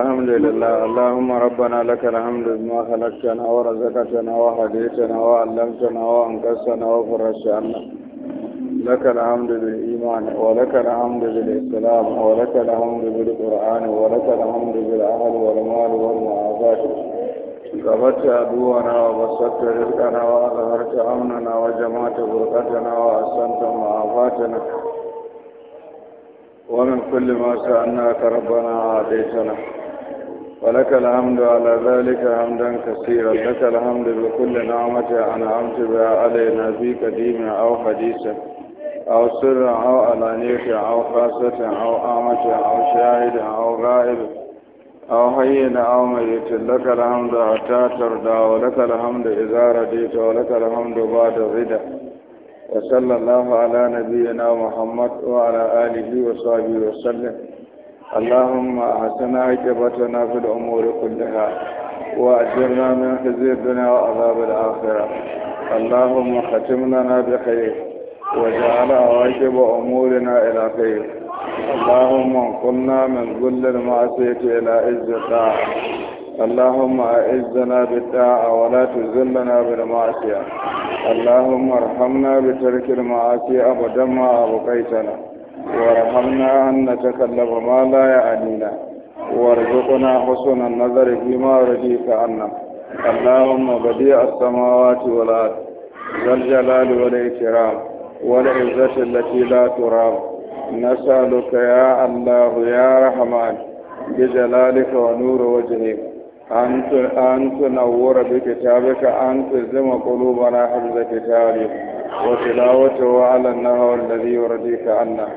الحمد لله اللهم ربنا لك الحمد بما خلقتنا ورزقتنا وهديتنا وعلمتنا وانقذتنا وفرجت عنا لك الحمد بالإيمان ولك الحمد بالإسلام ولك الحمد بالقرآن ولك الحمد بالأهل والمال والمعافاة غفرت عدونا وبسطت رزقنا وأظهرت أمننا وجمعت برقتنا وأحسنت معافاتنا ومن كل ما سألناك ربنا أعطيتنا ولك الحمد على ذلك حمدا كثيرا لك الحمد بكل نعمة أنعمت بها علينا في قديم أو حديث أو سر أو علانية أو خاصة أو آمة أو شاهد أو غائب أو حين أو ميت لك الحمد حتى ترضى ولك الحمد إذا رديت ولك الحمد بعد الرضا وصلى الله على نبينا محمد وعلى آله وصحبه وسلم اللهم أحسن عاقبتنا في الأمور كلها وأجرنا من خزي الدنيا وعذاب الآخرة اللهم ختم لنا بخير وجعل عواقب أمورنا إلى خير اللهم انقلنا من ذل المعصية إلى عز الطاعة اللهم أعزنا بالطاعة ولا تذلنا بالمعصية اللهم ارحمنا بترك المعاصي أبدا ما أبقيتنا وارحمنا أن نتكلم ما لا يعنينا وارزقنا حسن النظر فيما رضيت عنا اللهم بديع السماوات والأرض ذا الجلال والإكرام والعزة التي لا ترام نسألك يا الله يا رحمن بجلالك ونور وجهك أن تنور بكتابك أن تلزم قلوبنا حفظ كتابك وتلاوته على النهر الذي يرضيك عنا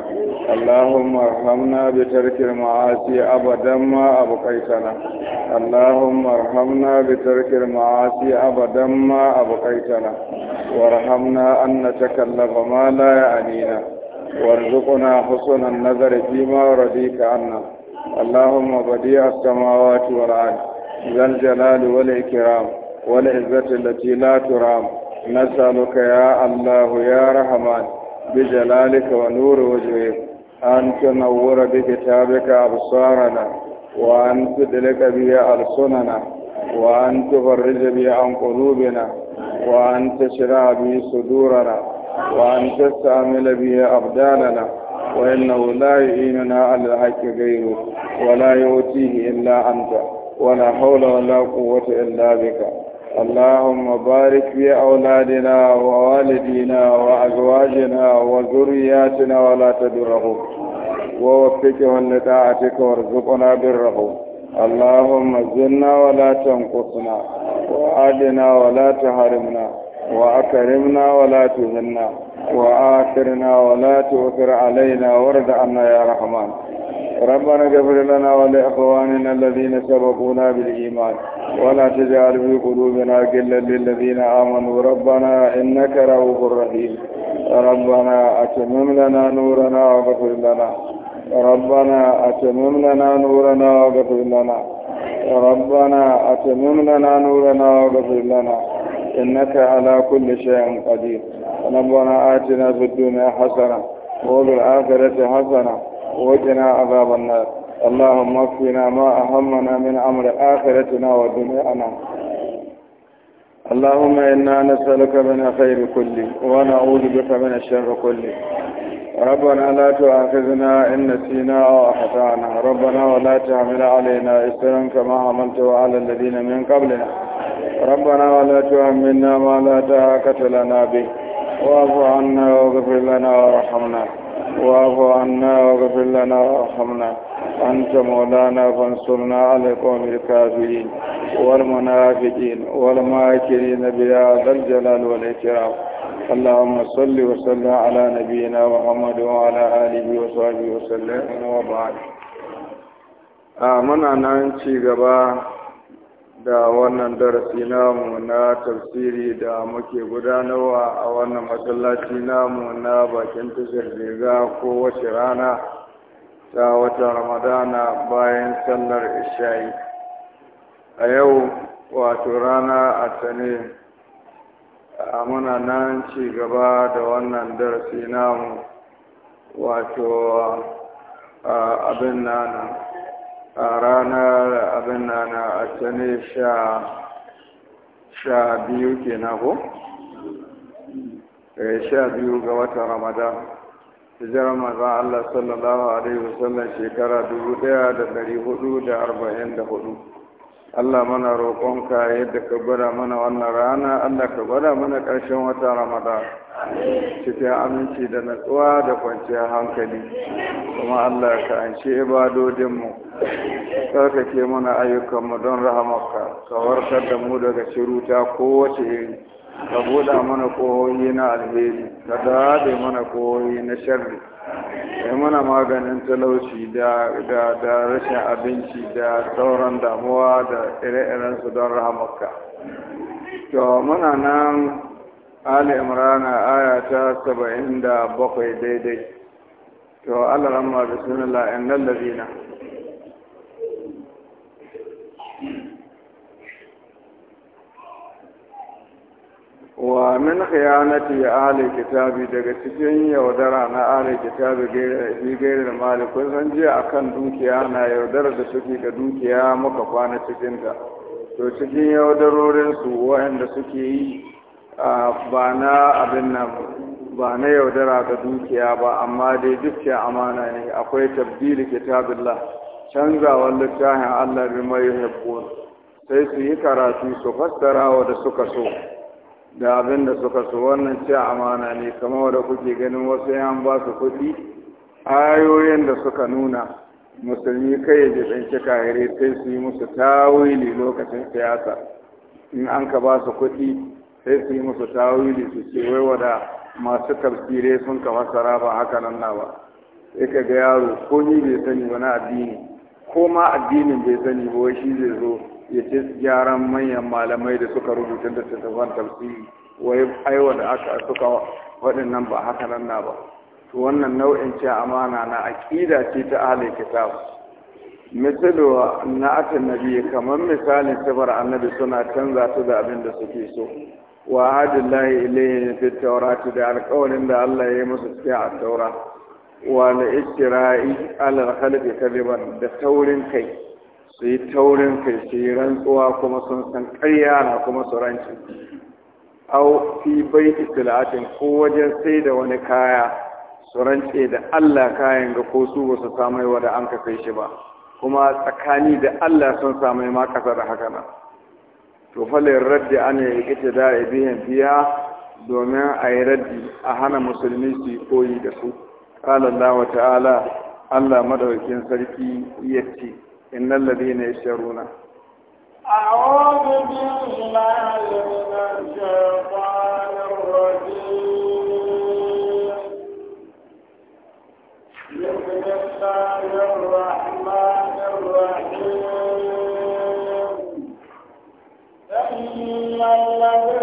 اللهم ارحمنا بترك المعاصي أبدا ما أبقيتنا اللهم ارحمنا بترك المعاصي أبدا ما أبقيتنا وارحمنا أن نتكلم ما لا يعنينا وارزقنا حسن النظر فيما رضيك عنا اللهم بديع السماوات والأرض ذا الجلال والإكرام والعزة التي لا ترام نسألك يا الله يا رحمن بجلالك ونور وجهك أن تنور بكتابك أبصارنا وأن تدلك به ألسننا وأن تفرج به عن قلوبنا وأن تشرع به صدورنا وأن تستعمل به أبداننا وإنه لا يعيننا على الحق غيره ولا يؤتيه إلا أنت ولا حول ولا قوة إلا بك اللهم بارك في أولادنا ووالدينا وأزواجنا وذرياتنا ولا تدرهم ووفقهم لطاعتك وارزقنا برهم اللهم زلنا ولا تنقصنا وعدنا ولا تحرمنا وأكرمنا ولا تهنا وآثرنا ولا تؤثر علينا وارض عنا يا رحمن ربنا اغفر لنا ولإخواننا الذين سبقونا بالإيمان ولا تجعل في قلوبنا غلا للذين آمنوا ربنا إنك رؤوف رحيم ربنا أتمم لنا نورنا واغفر لنا ربنا أتمم لنا نورنا واغفر لنا ربنا أتمم لنا نورنا واغفر لنا إنك على كل شيء قدير ربنا آتنا في الدنيا حسنة وفي الآخرة حسنة وقنا عذاب النار اللهم اكفنا ما أهمنا من أمر آخرتنا ودنيانا اللهم إنا نسألك من خير كله ونعوذ بك من الشر كله ربنا لا تؤاخذنا إن نسينا أو أخطأنا ربنا ولا تحمل علينا إسرا كما حملته على الذين من قبلنا ربنا ولا تهمنا ما لا طاقة لنا به واعف عنا واغفر لنا وارحمنا وعفو عنا واغفر لنا وارحمنا أنت مولانا فانصرنا على قوم الكافرين والمنافقين والماكرين بهذا الجلال والإكرام اللهم صل وسلم على نبينا محمد وعلى آله وصحبه وسلم وبعد آمنا ننشي قبا da wannan darasi namu na tafsiri da muke gudanarwa a wannan masallaci namu na bakin tashar riga wace rana ta wata ramadana bayan sallar ishayi, a yau wato rana a tane a muna nan ci gaba da wannan darasi namu wato abin nanan a ranar abin na na a tane sha biyu ke na ko? Eh, sha biyu ga watan ramadan hijirar maza Allah sallallahu Alaihi wasallam shekara 1444 Allah mana roƙonka yadda ka gwada mana wannan rana Allah ka gwada mana ƙarshen wata ramada cikin aminci da natsuwa da kwanciyar hankali kuma Allah ka anshi ibadodinmu tsarkake mana ayyukanmu don rahamarka ka warkar da mu daga shiru ta kowace iri ka buɗa mana ƙohoyi na alheri ka daɗe mana ƙohoyi na sharri sai mana maganin talauci da rashin abinci da sauran damuwa da ire iren su don ramuka. to muna nan ali imrana aya ta saba'in da bakwai daidai to allah ramma bismillah innal ladina wa min khiyanati ahli kitabi daga cikin yaudara na ahli kitabi gairi da mali kun san jiya akan dukiya na yaudara da suke ga dukiya muka kwana cikin ta to cikin yaudarorin su waɗanda suke yi ba na abin nan ba na yaudara ga dukiya ba amma dai dukiya amana ne akwai tabdili kitabillah canzawar littafin Allah bi mai sai su yi karatu su fassara wa da suka so da abin da suka so wannan ce amana ne kamar da kuke ganin wasu yan ba su kuɗi ayoyin da suka nuna musulmi kai ya tsanci kahire sai su yi musu tawili lokacin siyasa in an ka ba su kuɗi sai su yi musu tawili su ce wai wada masu tafsire sun ka fassara ba haka nan na ba sai ka ga yaro ko ni bai sani wani addini ko ma addinin bai sani ba wai shi zai zo ya ce gyaran manyan malamai da suka rubuta da tattafan tafsiri wai aiwa da aka suka waɗannan ba haka nan na ba to wannan nau'in ce amana na aƙida ce ta ahlul kitab misalu na atan nabi kamar misalin sifar annabi suna canza su da abin da suke so wa hadillahi ilayhi fi tawrati da alƙawarin da Allah ya yi musu cikin at-taura wa la ala al-khalqi kadiban da taurin kai su yi taurin kai su yi rantsuwa kuma sun san ƙarya na kuma su ranci au fi bai istilatin ko wajen sai da wani kaya su rance da Allah kayan ga ko su ba su samai wa da an ka kai shi ba kuma tsakani da Allah sun samai ma ƙasa da haka nan to falle raddi an yi ita da ibihin biya domin a yi raddi a hana musulmi su yi koyi da su ƙalallahu ta'ala Allah madawakin sarki ya ce إن الذين يشترون أعوذ بالله من الشيطان الرجيم بسم الله الرحمن الرحيم فإن الذين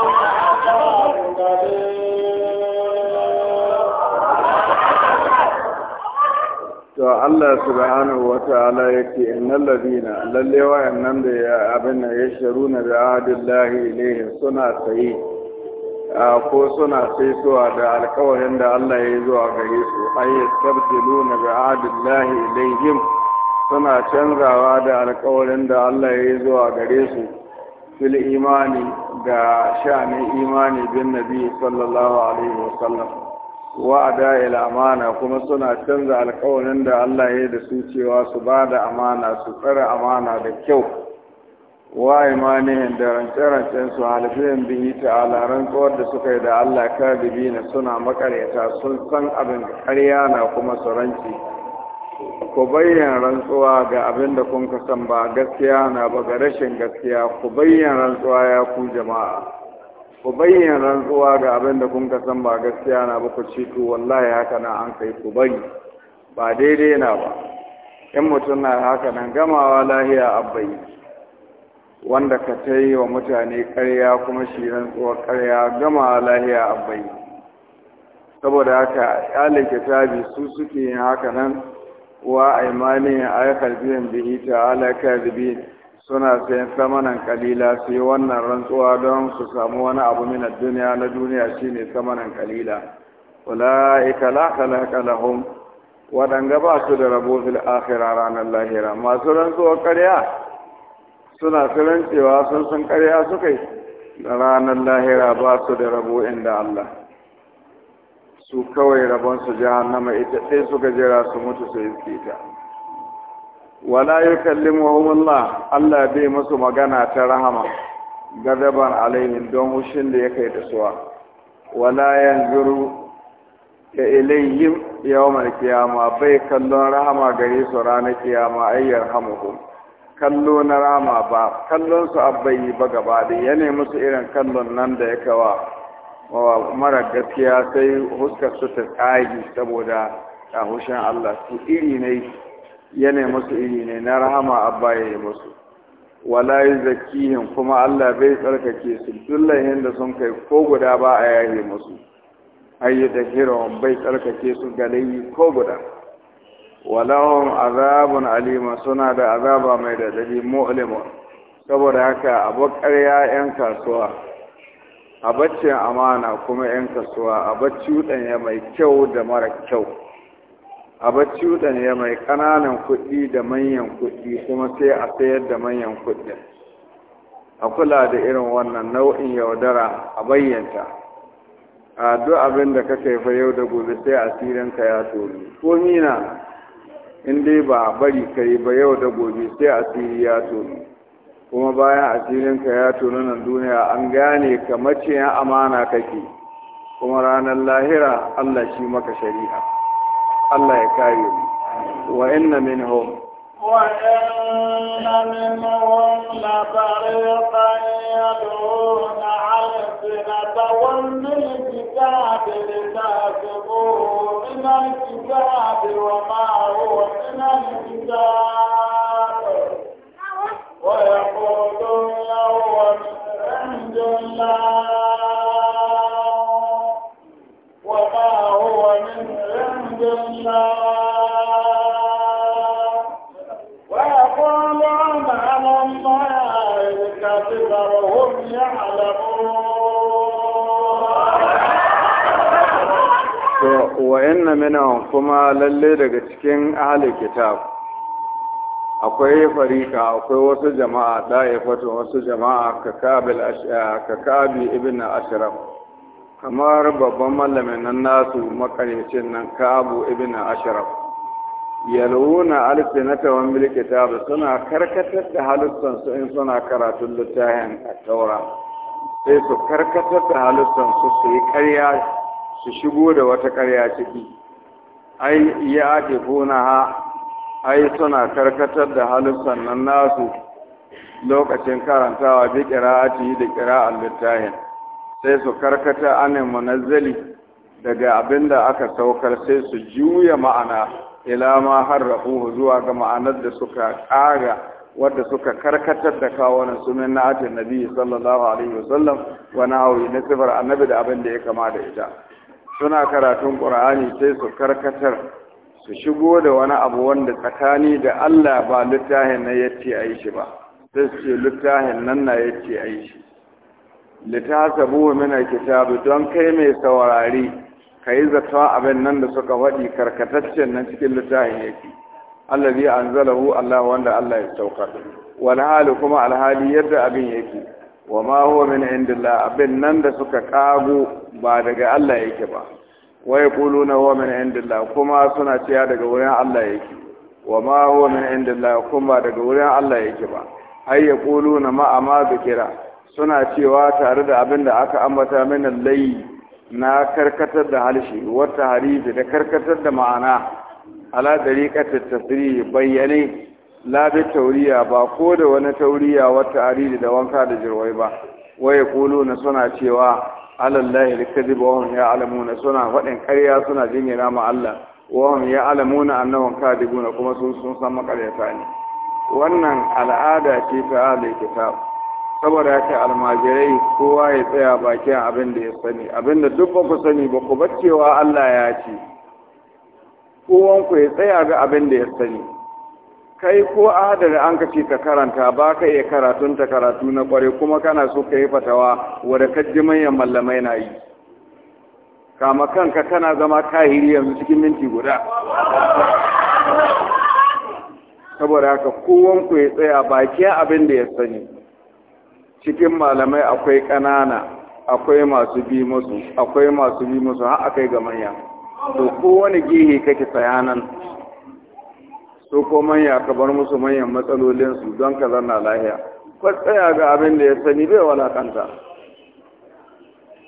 Allah subhanahu wa ta'ala yake innal ladina lalle wayannan da ya abin ya sharuna da adillahi ilayhi suna sayi ko suna sai suwa da alkawarin da Allah ya zuwa gare su ay yastabdiluna bi adillahi ilayhim suna canzawa da alkawarin da Allah ya zuwa gare su fil imani ga sha'ani imani bin nabi sallallahu alaihi wasallam wa'ada ila amana kuma suna canza alkawarin da Allah ya da su cewa su ba da amana su tsare amana da kyau wa imanihin da rance-rancen su halifiyan bihi ta'ala rantsuwar da suka yi da Allah kadibi na suna makaryata sun san abin karya na kuma su ranci ku bayyana rantsuwa ga abin da kun san ba gaskiya na ba ga rashin gaskiya ku bayyana rantsuwa ya ku jama'a ku bayyana rantsuwa ga abin da kun san ba gaskiya na ba ku ci to wallahi haka na an kai ku bari ba daidai na ba in mutum na haka nan gamawa lahiya abbai wanda ka ta yi wa mutane karya kuma shi rantsuwar karya gamawa lahiya abbai saboda haka 'yalin kitabi su suke yin haka nan wa aimanin ayakar biyan bihi ta alaka zibin suna sayan samanan kalila su yi wannan rantsuwa don su samu wani abu min duniya na duniya shine samanan kalila kala-kala-kala lahum wadanga ba su da rabo fil akhirah ranar lahira masu rantsuwa ƙarya suna rantsewa sun san ƙarya suka yi ranar lahira ba su da rabo inda Allah su kawai rabon su jahannama ita ɗaya suka jira su mutu su yi tsita. wala yukallimuhum Allah Allah bai masu magana ta rahama gadaban alayhin don hushin da ya kai da suwa wala yanzuru ya ilayhim yawmal bai kallon rahama gare su ranar kiyama ayyar kallo na rama ba kallon su abbayi ba gaba da ya nemi irin kallon nan da ya kawa mara gaskiya sai huskar su ta tsagi saboda tahushin Allah su iri ne yana musu iri ne na rahama abba ya yi musu wala yi zakihin kuma Allah bai tsarkake su dullahin da sun kai ko guda ba a yaye musu da hirawan bai tsarkake su galayi ko guda walahum azabun alima suna da azaba mai dadi mu'lima saboda haka abokar yan kasuwa a baccin amana kuma yan kasuwa a bacci ya mai kyau da mara kyau a bacci ne mai ƙananan kuɗi da manyan kuɗi kuma sai a sayar da manyan kuɗin a kula da irin wannan nau'in yaudara a bayyanta a duk abin da ka yau da gobe sai asirinka ya tori ko mina in dai ba a bari kai ba yau da gobe sai asiri ya tori kuma bayan asirinka ya tori nan duniya an gane ka maciyan amana kake kuma ranar lahira Allah shi maka shari'a الله يكايل وإن منهم وإن منهم لطريق يدعون على السنة والملكات لتاسقوا من الكتاب وما هو من الكتاب ويقولون هو من عند الله وما من wa'inna kuma lalle daga cikin ahli kitab akwai farika akwai wasu jama'a da'ifatu wasu jama'a ka ka kabi ibn ashraf kamar babban mallamin nan nasu makaryacin nan kabu ibn ashraf yalwuna alsinata wa milkitab suna karkatar da halittansu in suna karatun littafin taura sai su karkatar da halittansu su yi karya su shigo da wata karya ciki ai ya ake tafuna ha ai suna karkatar da halittan nan nasu lokacin karantawa bi qira'ati da qira'al littafin sai su karkata anin munazzali daga abinda aka saukar sai su juya ma'ana ilama ma zuwa ga ma'anar da suka ƙara wadda suka karkatar da kawunan su min nabi sallallahu alaihi wasallam wa na'awi na sifar annabi da abin da ya kama da ita suna karatun qur'ani sai su karkatar su shigo da wani abu wanda tsakani da Allah ba littafin na yace yi shi ba sai su ce littafin nan na yace yi shi min mina kitabu don kai mai saurari ka yi zaton abin nan da suka faɗi karkataccen nan cikin littafin yake allazi anzalahu Allah wanda Allah ya saukar wal hali kuma alhali yadda abin yake wa ma huwa min indillah abin nan da suka kago ba daga Allah yake ba wa yaquluna huwa min indillah kuma suna cewa daga wurin Allah yake wa ma huwa min indillah kuma daga wurin Allah yake ba ay yaquluna ma amma bikira suna cewa tare da abin da aka ambata min lai na karkatar da halshe wata harifi da karkatar da ma'ana ala dariƙatar tasiri bayyane labi tauriya ba ko da wani tauriya wata ariri da wanka da jirwai ba waye kulu na suna cewa alallahi da kazi ba wahun ya alamuna suna faɗin ƙarya suna jingina ma Allah wahun ya alamuna annahun kadiguna kuma sun sun san makaryata ne wannan al'ada ce ta alai kitab saboda haka almajirai kowa ya tsaya bakin abin da ya sani abin da duk ba ku sani ba ku cewa Allah ya ce kowanku ya tsaya ga abin da ya sani kai ko adada an ka ce ka karanta ba ka iya karatun ta karatu na kware kuma kana so ka yi fatawa wadda ka ji manyan mallamai na yi kama kanka kana zama kahiri yanzu cikin minti guda saboda haka kowanku ya tsaya bakin abin da ya sani cikin malamai akwai ƙanana akwai masu bi musu akwai masu bi musu har akai ga manya to kowane gihe kake saya su ko manya ka bar musu manyan matsalolinsu don ka zanna lahiya ko tsaya ga abin da ya sani bai kanta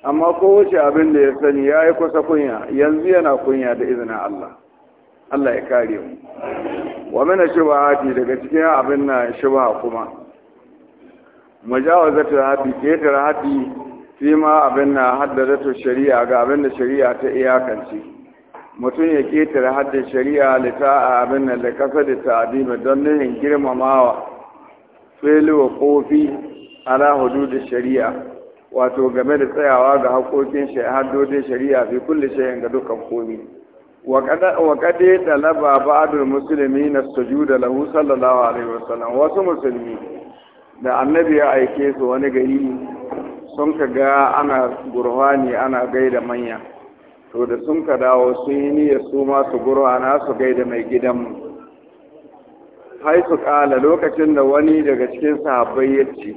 amma ko abin da ya sani ya yi kusa kunya yanzu yana kunya da izinin Allah Allah ya kare mu wa mana shubahati daga cikin abin na shubaha kuma majawazatu haddi ketar haddi fi ma abin na ta shari'a ga abin da shari'a ta iyakance mutum ya ketar haddin shari'a a abin nan da kasa da ta'adima don nuhin girmamawa wa kofi ala da shari'a wato game da tsayawa ga haƙoƙin haddodin shari'a fi kulle shayin ga dukkan komi wa kade talaba ba'adul musulmi na sujuda lahu sallallahu alaihi wasallam wasu musulmi da annabi ya aike su wani gari sun ka ga ana gurhani ana gaida manya to da sun ka dawo sun yi niyyar su ma su gurwana su gaida mai gidanmu hai su kala lokacin da wani daga cikin sahabbai ya ce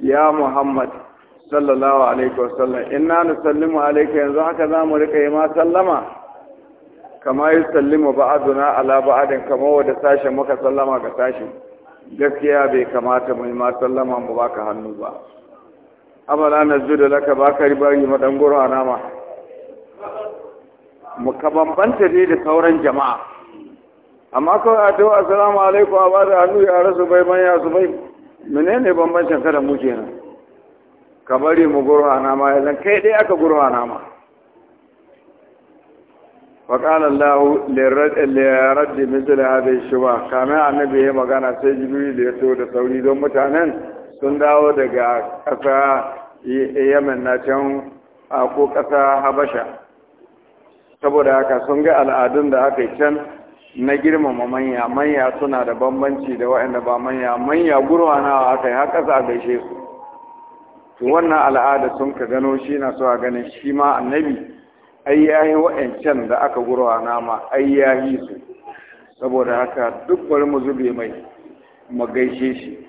ya muhammad sallallahu alaihi wasallam inna nusallimu alayka yanzu haka za mu rika yi ma sallama kama yi sallimu ba'aduna ala ba'adin kama wadda sashen muka sallama ga sashen gaskiya bai kamata mu yi ma sallama mu baka hannu ba amala na zuda laka baka ribari madan goro a nama mu ka bambanta dai da sauran jama'a amma kawai a tawo assalamu alaikum a ba hannu ya rasu bai manya su bai menene bambancin ka da mu kenan ka bari mu goro nama yanzu kai dai aka goro nama وقال الله لرد مثل هذه الشبه كما annabi ya magana sai jibril ya متانن da sauri don mutanen sun dawo daga ƙasa yamen na can ko ƙasa habasha saboda haka sun ga al'adun da aka can na girmama manya manya suna da bambanci da waɗanda ba manya manya gurwa gurwanawa aka yi har za a gaishe su wannan al'ada sun ka gano shi na so a ganin shi ma annabi ayyahi yi wa'ancan da aka gurwa nama ai yi su saboda haka duk wani mu zube mai magaishe gaishe shi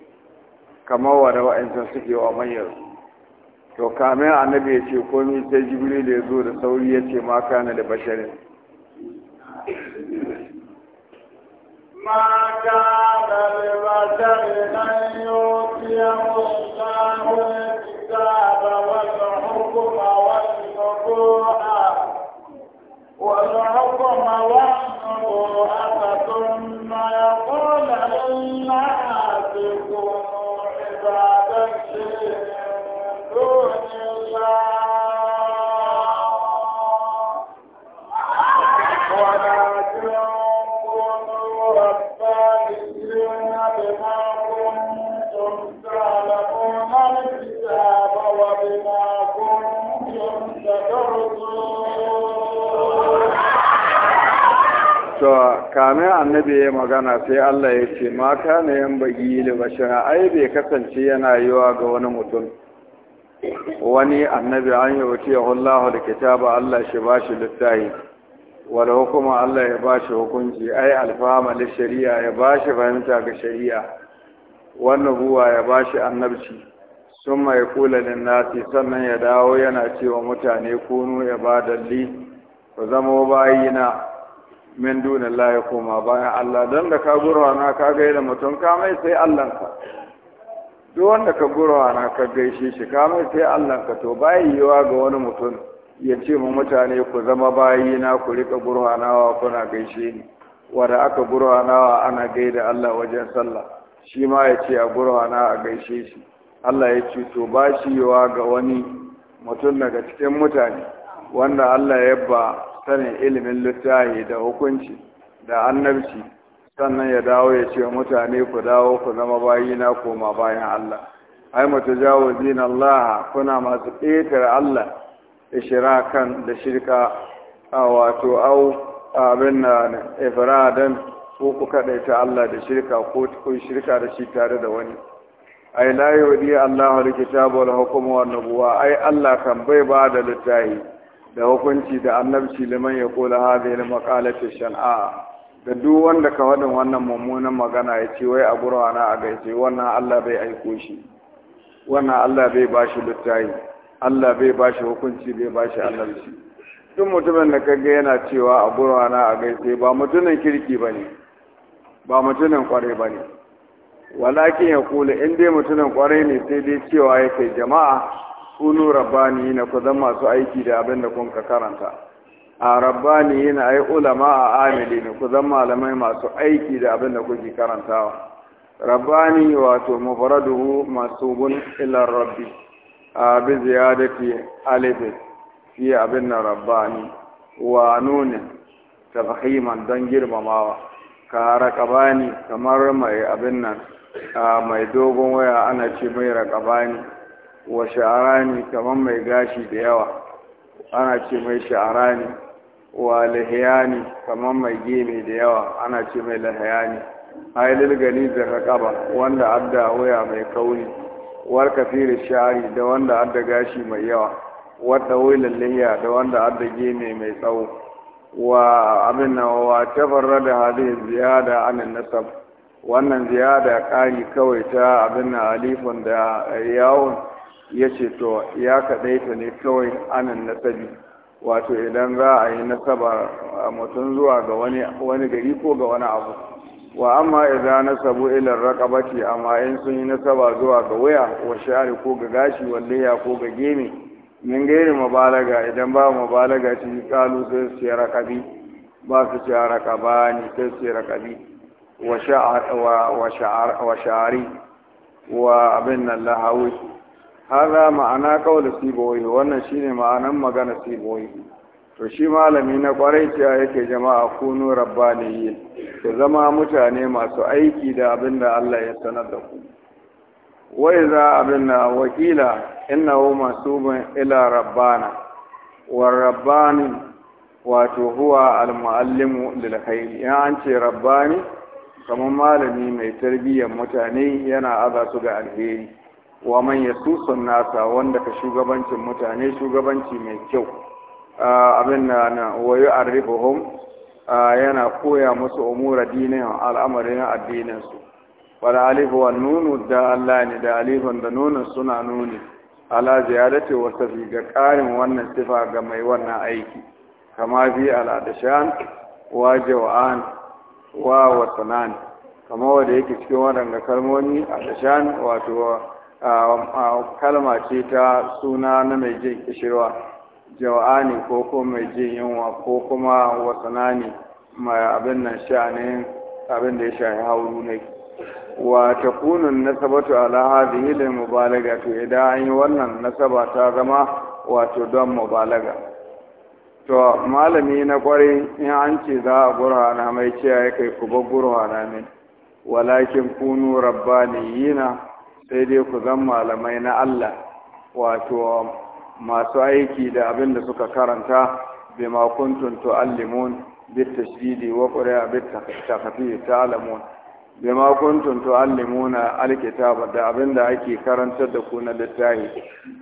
kamar wa da wa'ancan suke wa mayar to kamin annabi ya ce komi sai jibril ya zo da sauri ya ce ma kana da basharin ما كان لبشر أن يؤتيه الله الكتاب والحكم والنبوءة والحكم والنبوءة ثم يقول للناس كونوا عبادا من دون الله to kamin annabi ya magana sai Allah ya ce ma kana yan bagi li bashara ai bai kasance yana yiwa ga wani mutum wani annabi an yi wuce Allah da kitaba Allah shi bashi littafi wal hukuma Allah ya bashi hukunci ai alfama li shari'a ya bashi fahimta ga shari'a wannan buwa ya bashi annabci sun mai kula da nasi sannan ya dawo yana cewa mutane kunu ya ba ibadalli ku zama bayina min dunin koma bayan Allah don da ka na ka da mutum ka mai sai Allahnka duk wanda ka na ka gaishe shi ka mai sai Allahnka to bayan yiwa ga wani mutum ya ce mu mutane ku zama bayi na ku rika gurwanawa kuna gaishe ni wanda aka gurwanawa ana gaida Allah wajen sallah shi ma ya ce a gurwana a gaishe shi Allah ya ce to ba shi yiwa ga wani mutum daga cikin mutane wanda Allah ya ba sanin ilimin littafi, da hukunci da annabci sannan ya dawo ya ce mutane ku dawo ku zama bayina koma bayan Allah ai mutajawizin Allah kuna masu ƙetare Allah ishirakan da shirka a wato au abin na ifradan ko ku ta Allah da shirka ko kun shirka da shi tare da wani ai la yudi Allahu alkitabu wal hukmu wan nubuwa ai Allah kan bai ba da littahi da hukunci da annabci liman ya kula haɗe al-maqalati shan'a da duk wanda ka wadin wannan mummunan magana ya ce wai a gurwana a gaice wannan Allah bai aiko shi wannan Allah bai ba shi littayi Allah bai ba shi hukunci bai ba shi annabci duk mutumin da ka ga yana cewa a gurwana a gaice ba mutumin kirki ba ne, ba mutumin kware ne. walakin ya kula in dai mutumin kware ne sai dai cewa yake jama'a kunu rabbani na ku zama masu aiki da abin da kun karanta a rabbani na ai ulama a amili ne ku zama malamai masu aiki da abin da kuke karantawa rabbani wato mufraduhu masubun ila rabbi a bi ziyadati alifi fi abin na rabbani wa nunin tafhiman don girmamawa ka raƙabani kamar mai abin nan mai dogon waya ana ce mai rakabani wa sha'arani kamar mai gashi da yawa ana ce mai sha'arani wa lahiyani kamar mai gene da yawa ana ce mai lahiyani hailil gani da raƙaba wanda adda waya mai kauni war kafirin sha'ari da wanda adda gashi mai yawa wadda wilin lahiya da wanda adda gene mai tsawo wa abin nan wa tafarra da hadin ziyada anan nasab wannan ziyada ƙari kawai ta abin na alifun da yawon ya ce to ya ta ne kawai anan nasabi wato idan za a yi nasaba mutum zuwa ga wani gari ko ga wani abu wa amma idan nasabu ilar raqabati amma in sun yi nasaba zuwa ga waya wa sha'ari ko ga gashi ya ko ga geme min gairi mabalaga idan ba mabalaga ci kalu sai su yi raqabi ba su ci raqabani sai su yi raqabi wa wa wa sha'ari wa abin nan lahawi haza ma'ana kawai siboyi wannan shine ma'anan magana siboyi to shi malami na kwarai cewa yake jama'a kunu yi, ku zama mutane masu aiki da abin da Allah ya sanar da ku wai za abin na wakila innahu masubun ila rabbana war rabbani wato huwa almuallimu lil khayr ya an ce rabbani kamar malami mai tarbiyyar mutane yana aza su ga alheri wa man yasusun nasa wanda ka shugabancin mutane shugabanci mai kyau abin da na wayo arribuhum yana koya musu umura dinin al'amarin addinin su wal alif wa nun da Allah ne da alifan da nunun suna nuni ala ziyadati wa tafi ga karin wannan sifa ga mai wannan aiki kama fi shan, wa jaw'an wa sanan kama wanda yake cikin waɗanda kalmomi a dashan wato kalma ce ta suna na mai jin kishirwa jawa'ani ko kuma mai jin yunwa ko kuma wasanani mai abin nan sha'anin abin da ya shahi hauru ne wa ta kunun nasabatu ala hadhihi lil mubalaga to idan an yi wannan nasaba ta zama wato don mubalaga to malami na kwarai in an ce za a gurhana mai ciya kai ku bar gurhana ne walakin kunu rabbaniyina sai dai ku zan malamai na Allah wato masu aiki da abin da suka karanta bima kuntum tu'allimun بالتشديد وقرأ بالتخفيف تعلمون بما كنتم تعلمون alkitaba da abin da ake karantar da ku na littafi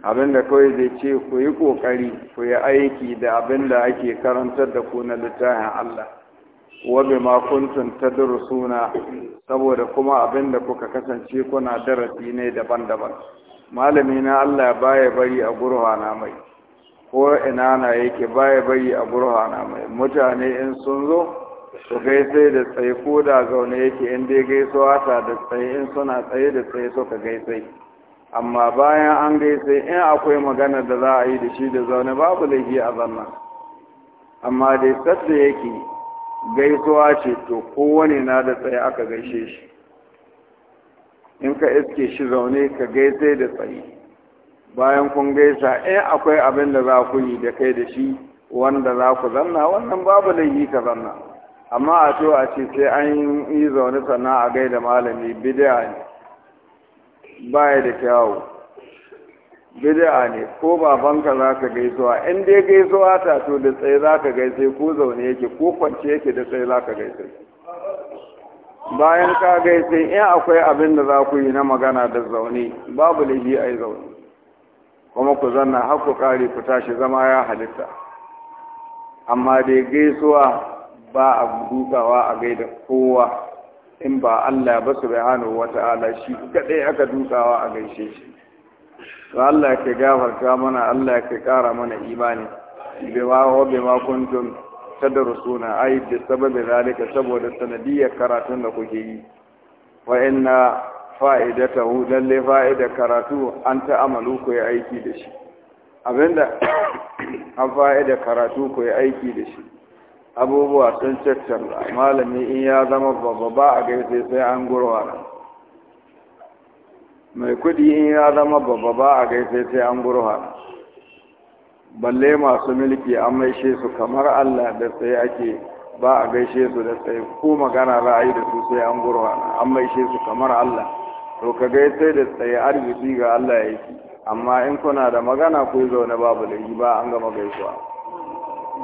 abin da kawai zai ce ku yi kokari ku yi aiki da abin da ake karantar da ku na littafin Allah wa bima kuntum tadrusuna saboda kuma abin da kuka kasance kuna darasi ne daban-daban malami na Allah baya bari a gurhana mai ko ina na yake baya bari a gurhana mai mutane in sun zo su gaisai da tsaye ko da zaune yake in dai gaisuwa ta da tsaye in suna tsaye da tsaye suka gaisai amma bayan an gaisai in akwai magana da za a yi da shi da zaune babu laifi a zanna amma dai sadda yake gaisuwa ce to kowane na da tsaye aka gaishe shi in ka iske shi zaune ka gaisa da tsaye bayan kun gaisa in eh, akwai abin da za ku yi da kai da shi wanda za ku zanna wannan babu laifi ka zanna amma a to a ce sai an yi zaune sannan a gaida malami bidiya ne baya da kyawu bid'a ne ko babanka za ka gaisuwa in dai gaisuwa ta to da tsaye za ka gaisai ko zaune yake ko kwance yake da tsaye za ka gaisai bayan ka gaisa in akwai abin da za ku yi na magana da zaune babu laifi a yi zaune kuma ku zanna har ku kare ku tashi zama ya halitta amma dai gaisuwa ba a dukawa a gaida kowa in ba Allah ba subhanahu wata'ala shi kadai aka dukawa a gaishe shi to Allah ke gafarta mana Allah ke kara mana imani bima wa bima kuntum tadrusuna ay bi sababi zalika saboda sanadiyar karatun da kuke yi wa inna fa'idatahu lalle fa'ida karatu an ta'amalu ku yi aiki da shi abinda an fa'ida karatu ku yi aiki da shi abubuwa sun caccanza malami in ya zama babba ba a gaisa sai an gurwa mai kudi in ya zama babba ba a gaisa sai an gurha balle masu mulki an maishe su kamar Allah da sai ake ba a gaishe su da sai ko magana ra'ayi da su sai an gurha an maishe su kamar Allah to ka gaishe da sai arziki ga Allah ya yi amma in kuna da magana ku zaune babu da ba an gama gaisuwa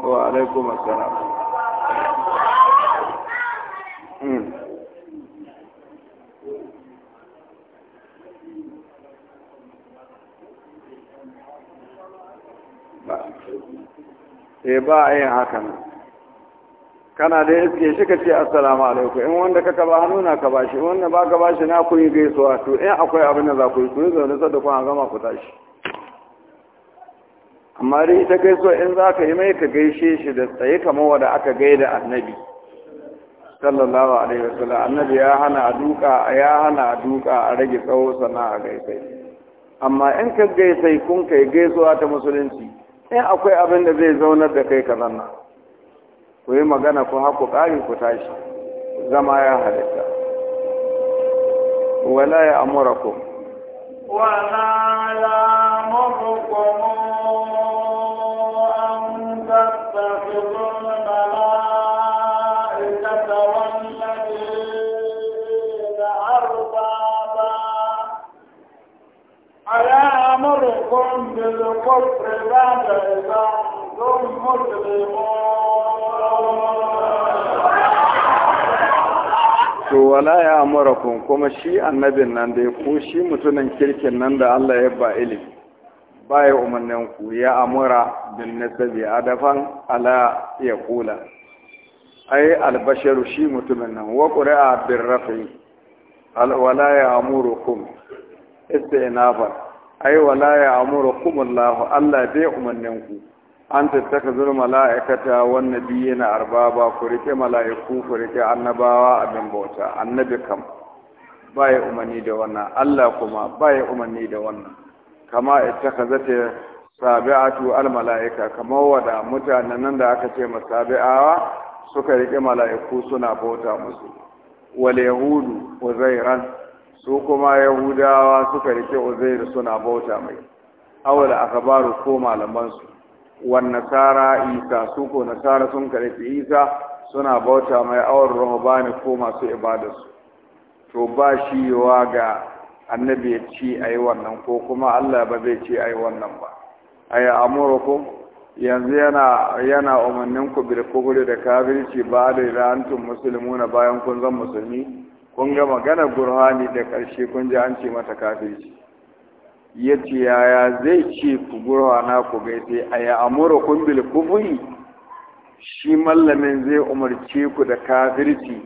wa alaikum assalam hmm. eh ba a yin haka nan kana da iske shi ka ce assalamu alaikum in wanda ka kaba hannu na ka bashi wanda ba ka bashi na ku yi gaisuwa to in akwai abin da za ku yi ku yi zaune sadda kuma gama ku tashi amma dai ita gaisuwa in za ka yi mai ka gaishe shi da tsaye kamar wanda aka gaida annabi sallallahu alaihi wasallam annabi ya hana a duka ya hana a duka a rage tsawo sana'a gaisai amma in ka gaisai kun kai gaisuwa ta musulunci in akwai abin da zai zaunar da kai ka nan ku yi magana ku haku ƙari ku tashi zama ya halitta wala ya amura ku wala ya amura ku an بالكفر بعد To wala ya kun kuma shi annabin nan da ya ko shi mutumin kirkin nan da Allah ya ba ilimi ba ya umarnin ku ya amura bin nasabi adafan ala ya kula ai albasharu shi mutumin nan wa ƙuri'a bin rafi alwala ya amurukum istinafa ai wala ya amuru kumullahu Allah bai umannin ku an tattaka zur mala'ikata wan nabiyina arbaba ku rike mala'iku ku rike annabawa abin bauta annabi kam baya umarni da wannan Allah kuma baya umanni da wannan kama ittakazata sabi'atu al mala'ika kamar wada mutanen nan da aka ce masabi'awa suka rike mala'iku suna bauta musu wal yahudu zairan su kuma yahudawa suka rike uzair suna bauta mai awala akhbaru ko malamansu wan nasara isa su ko nasara sun karfi isa suna bauta mai awar rahabani ko masu ibadarsu to ba shi yawa ga annabi ya ci a wannan ko kuma allah ba zai ci a wannan ba a yi yanzu yana yana umarnin ku bil kufri da kafirci ba da antum muslimuna bayan kun zan musulmi kun ga magana burhani da ƙarshe kun ji an ce mata kafirci ya ce yaya zai ce ku burhana ku sai a ya amura kun bil kufuri shi mallamin zai umarce ku da kafirci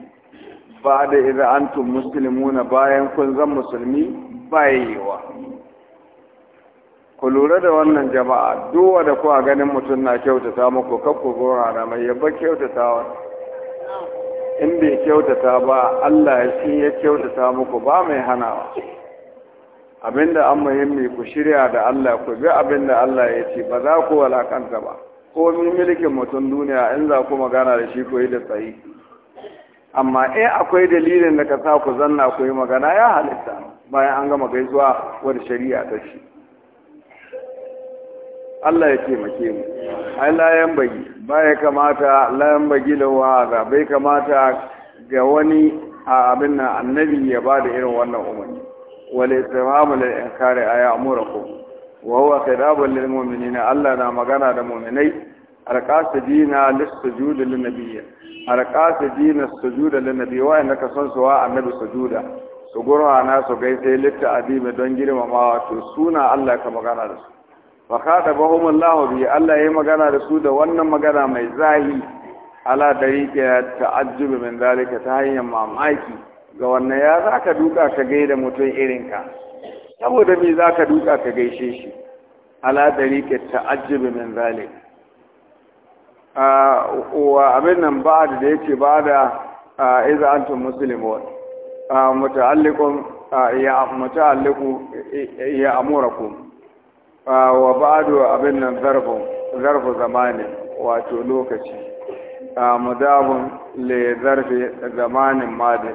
ba da idan musulmi na bayan kun zan musulmi bayewa ku lura da wannan jama'a duwa da kuwa ganin mutum na kyautata muku kakku gurhana mai yabba kyautatawa in bai kyautata ba Allah ya shi ya kyautata muku ba mai hanawa abinda an muhimmi ku shirya da Allah ku bi abinda Allah ya ce ba za ku walakanta ba ko mulkin mutum duniya in za ku magana da shi ku yi da tsayi amma in akwai dalilin da ka sa ku zanna ku yi magana ya halitta bayan an gama gaisuwa wani shari'a ta shi Allah ya taimake mu ai layan bagi ba ya kamata layan bagi da wa'aza bai kamata ga wani a abin nan annabi ya ba da irin wannan umarni wal istimamu lil inkari ay amurakum wa huwa khidabun lil mu'minina Allah na magana da mu'minai arqasidina lis sujud lin arqasu dina sujud lin nabiyyi wa innaka son suwa annabi sujuda su gurwa na su gaisai litta adibi don girmamawa to suna Allah ka magana da su ba kada lahobi Allah ya Allah magana da su da wannan magana mai zahi ala ta ta'ajjub min zalika ta hanyar mamaki ga wannan ya zaka duka ka gaida mutum irinka? saboda me ka duka ka gaishe shi ala ta ta'ajjub min zalika wa abin nan ba da da ya ce ba da iza antum muslimun muta'alliqun ya muta'alliqu ya amurakun wa ba'adu abin nan zarfu zamani wato lokaci mudabun le zarfi zamanin madi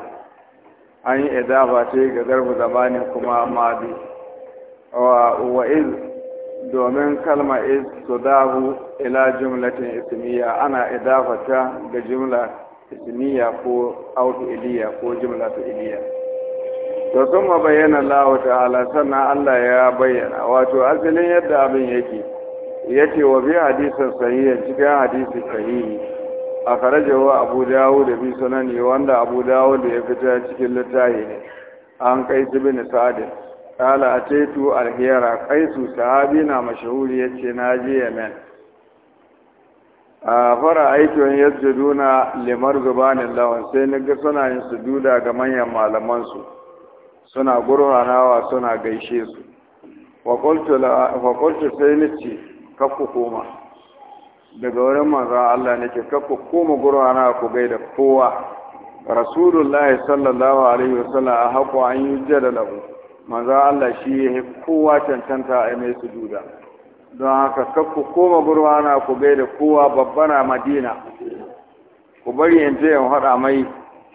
an yi idafa ce ga zarfu zamanin kuma madi wa iz domin kalma iz su dahu ila jumlatin ismiya ana idafata ga jumla ismiya ko autu iliya ko jumla ta iliya to sun ma bayyana Allah ta'ala sannan Allah ya bayyana wato asalin yadda abin yake yace wa bi hadisin sahihin cikin hadisi sahihi a wa Abu Dawud da bi sunani wanda Abu Dawud ya fita cikin littafi ne an kai su bin Sa'd qala ataitu al-hiyara qaisu sahabi na mashhuri yace na je Yemen a fara aikin yajjuduna limar zubanin lawan sai na ga suna yin sujuda ga manyan malamansu suna gurhanawa suna gaishe su faƙultu sai nace kakku koma daga wurin manzo Allah nake kakku koma gurhanawa ku gaida kowa rasulullahi sallallahu alaihi wasallam a haƙo an yi jada ku manzo Allah shi ya kowa cancanta a mai sujuda don haka kakku koma gurhanawa ku gaida kowa babbana madina ku bari in je in faɗa mai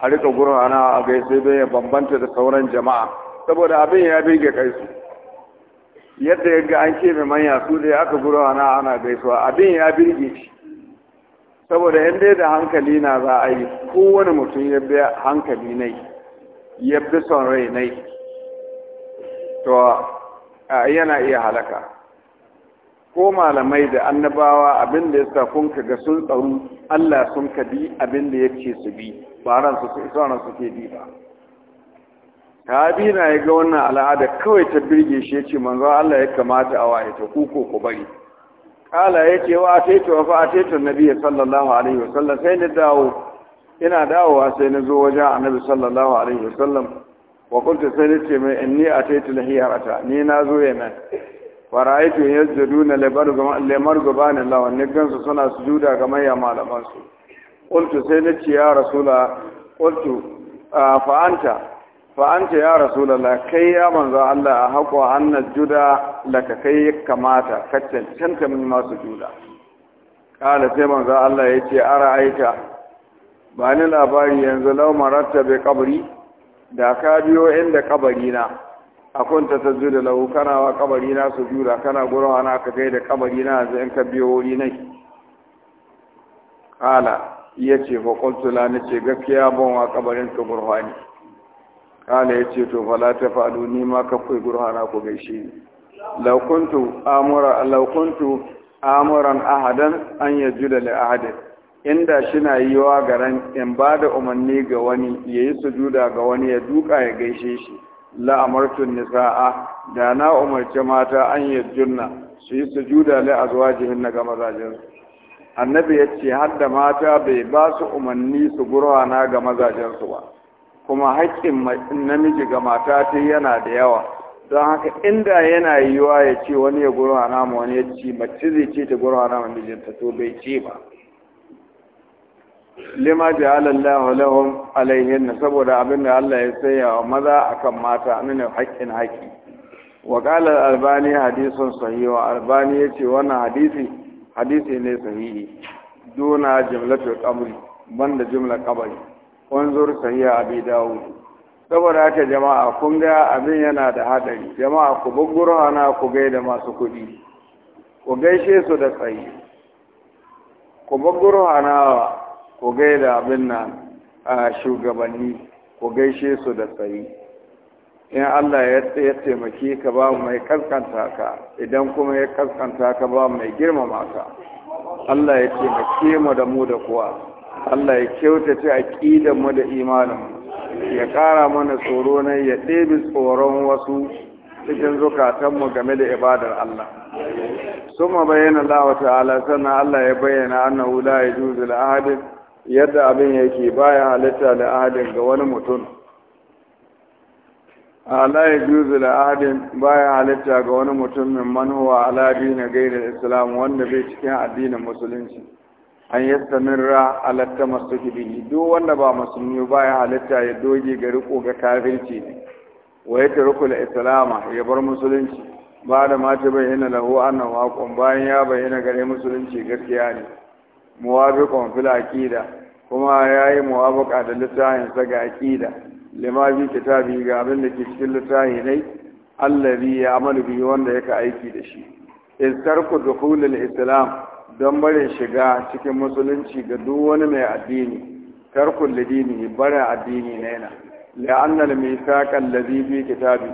a rika gurin ana a gaisai don ya bambanta da sauran jama'a saboda abin ya bege kai su yadda ya ga an mai manya su da aka gurin ana ana gaisuwa abin ya birge shi saboda in da hankali na za a yi kowane mutum ya bi hankali ne, ya bi son rai ne. to yana iya halaka ko malamai da annabawa abin da ya sa kun ga sun tsaru Allah sun ka bi abin da ya ce su bi ba ran su isa suke bi ba tabi na ya ga wannan al'ada kawai ta birge shi ya ce manzo Allah ya kamata a waye ta kuko ku bari kala ya ce wa sai to fa to nabi sallallahu alaihi wasallam sai ni dawo ina dawowa sai na zo wajen annabi sallallahu alaihi wasallam wa kuntu sai ni ce mai inni ataitu lahiyarata ni na zo yana wa ra'aytu yazduduna labar gama lamar gubana Allah wannan su suna sujuda ga ya malaman su qultu sai na ya rasu qultu fa anta kai ya manzo Allah a haƙo annal juda laka kai kamata ka cancanta mun masu juda kala sai manzo Allah ya ce ara aita ba ni labari yanzu lau maratta bai kabari da ka biyo inda kabari na a kunta ta zuda lau kana wa na su jura kana gurawa na ka kai da kabari na yanzu in ka biyo wuri nai kala ya ce fa na ce gaskiya ban wa kabarin ka burhani kala ya ce to fala ta faɗu ni ma ka kai burhana ku gaishe ni laukuntu amura laukuntu amuran ahadan an yajuda li ahadin inda shina yiwa garan in ba da umarni ga wani yayi sujuda ga wani ya duka ya gaishe shi la amartun nisaa da na umarci mata an yajunna su yi sujuda li na ga mazajinsu annabi ya ce hadda mata bai ba su umarni su gurwana ga mazajensu ba kuma haƙƙin namiji ga mata ta yana da yawa don haka inda yana yiwa ya ce wani ya gurwana ma wani ya ce mace zai ce ta gurwana ma mijinta to bai ce ba lima ja'alallahu lahum alaihin saboda abin da Allah ya sanya wa maza akan mata nuna haƙƙin haƙƙi wa ƙalar albani hadisun sahiwa albani albani yace wannan hadisi hadisi ne sahihi dona jumlatul qabri banda jumla qabri wanzur sahiha abi dawud saboda haka jama'a kun ga abin yana da hadari jama'a ku bugguro ana ku gaida masu kuɗi ku gaishe su da tsayi ku bugguro ana ku gaida abin nan a shugabanni ku gaishe su da tsayi in Allah ya taimake ka ba mai kaskanta ka idan kuma ya kaskanta ka ba mai girmama ka Allah ya taimake mu da mu da kuwa Allah ya kyautace aqidar mu da imanin ya ƙara mana tsoro ne ya ɗebi tsoron wasu cikin zukatanmu game da ibadar Allah suma bayyana Allah ta'ala sannan Allah ya bayyana annahu la yajuzu li ahadin yadda abin yake baya halitta da ahadin ga wani mutum ala ya juzu da baya halitta ga wani mutum min manuwa ala dina gaida islam wanda bai cikin addinin musulunci an yi samirra alatta masu bihi duk wanda ba musulmi baya halitta ya doge ga riko ga kafirci ne wa ya tarku islama ya bar musulunci ba da ma ta bayyana lahu annahu bayan ya bayyana gare musulunci gaskiya ne muwafiqun fil aqida kuma yayi muwafaqa da littafinsa saga ga aqida lima bi kitabi ga abin da ke cikin littafi ne allazi ya amalu biyu wanda yaka aiki da shi in tarku dukhulul islam don barin shiga cikin musulunci ga duk wani mai addini tarkul ladini barin addini ne na la'anna al-mithaqa allazi bi kitabi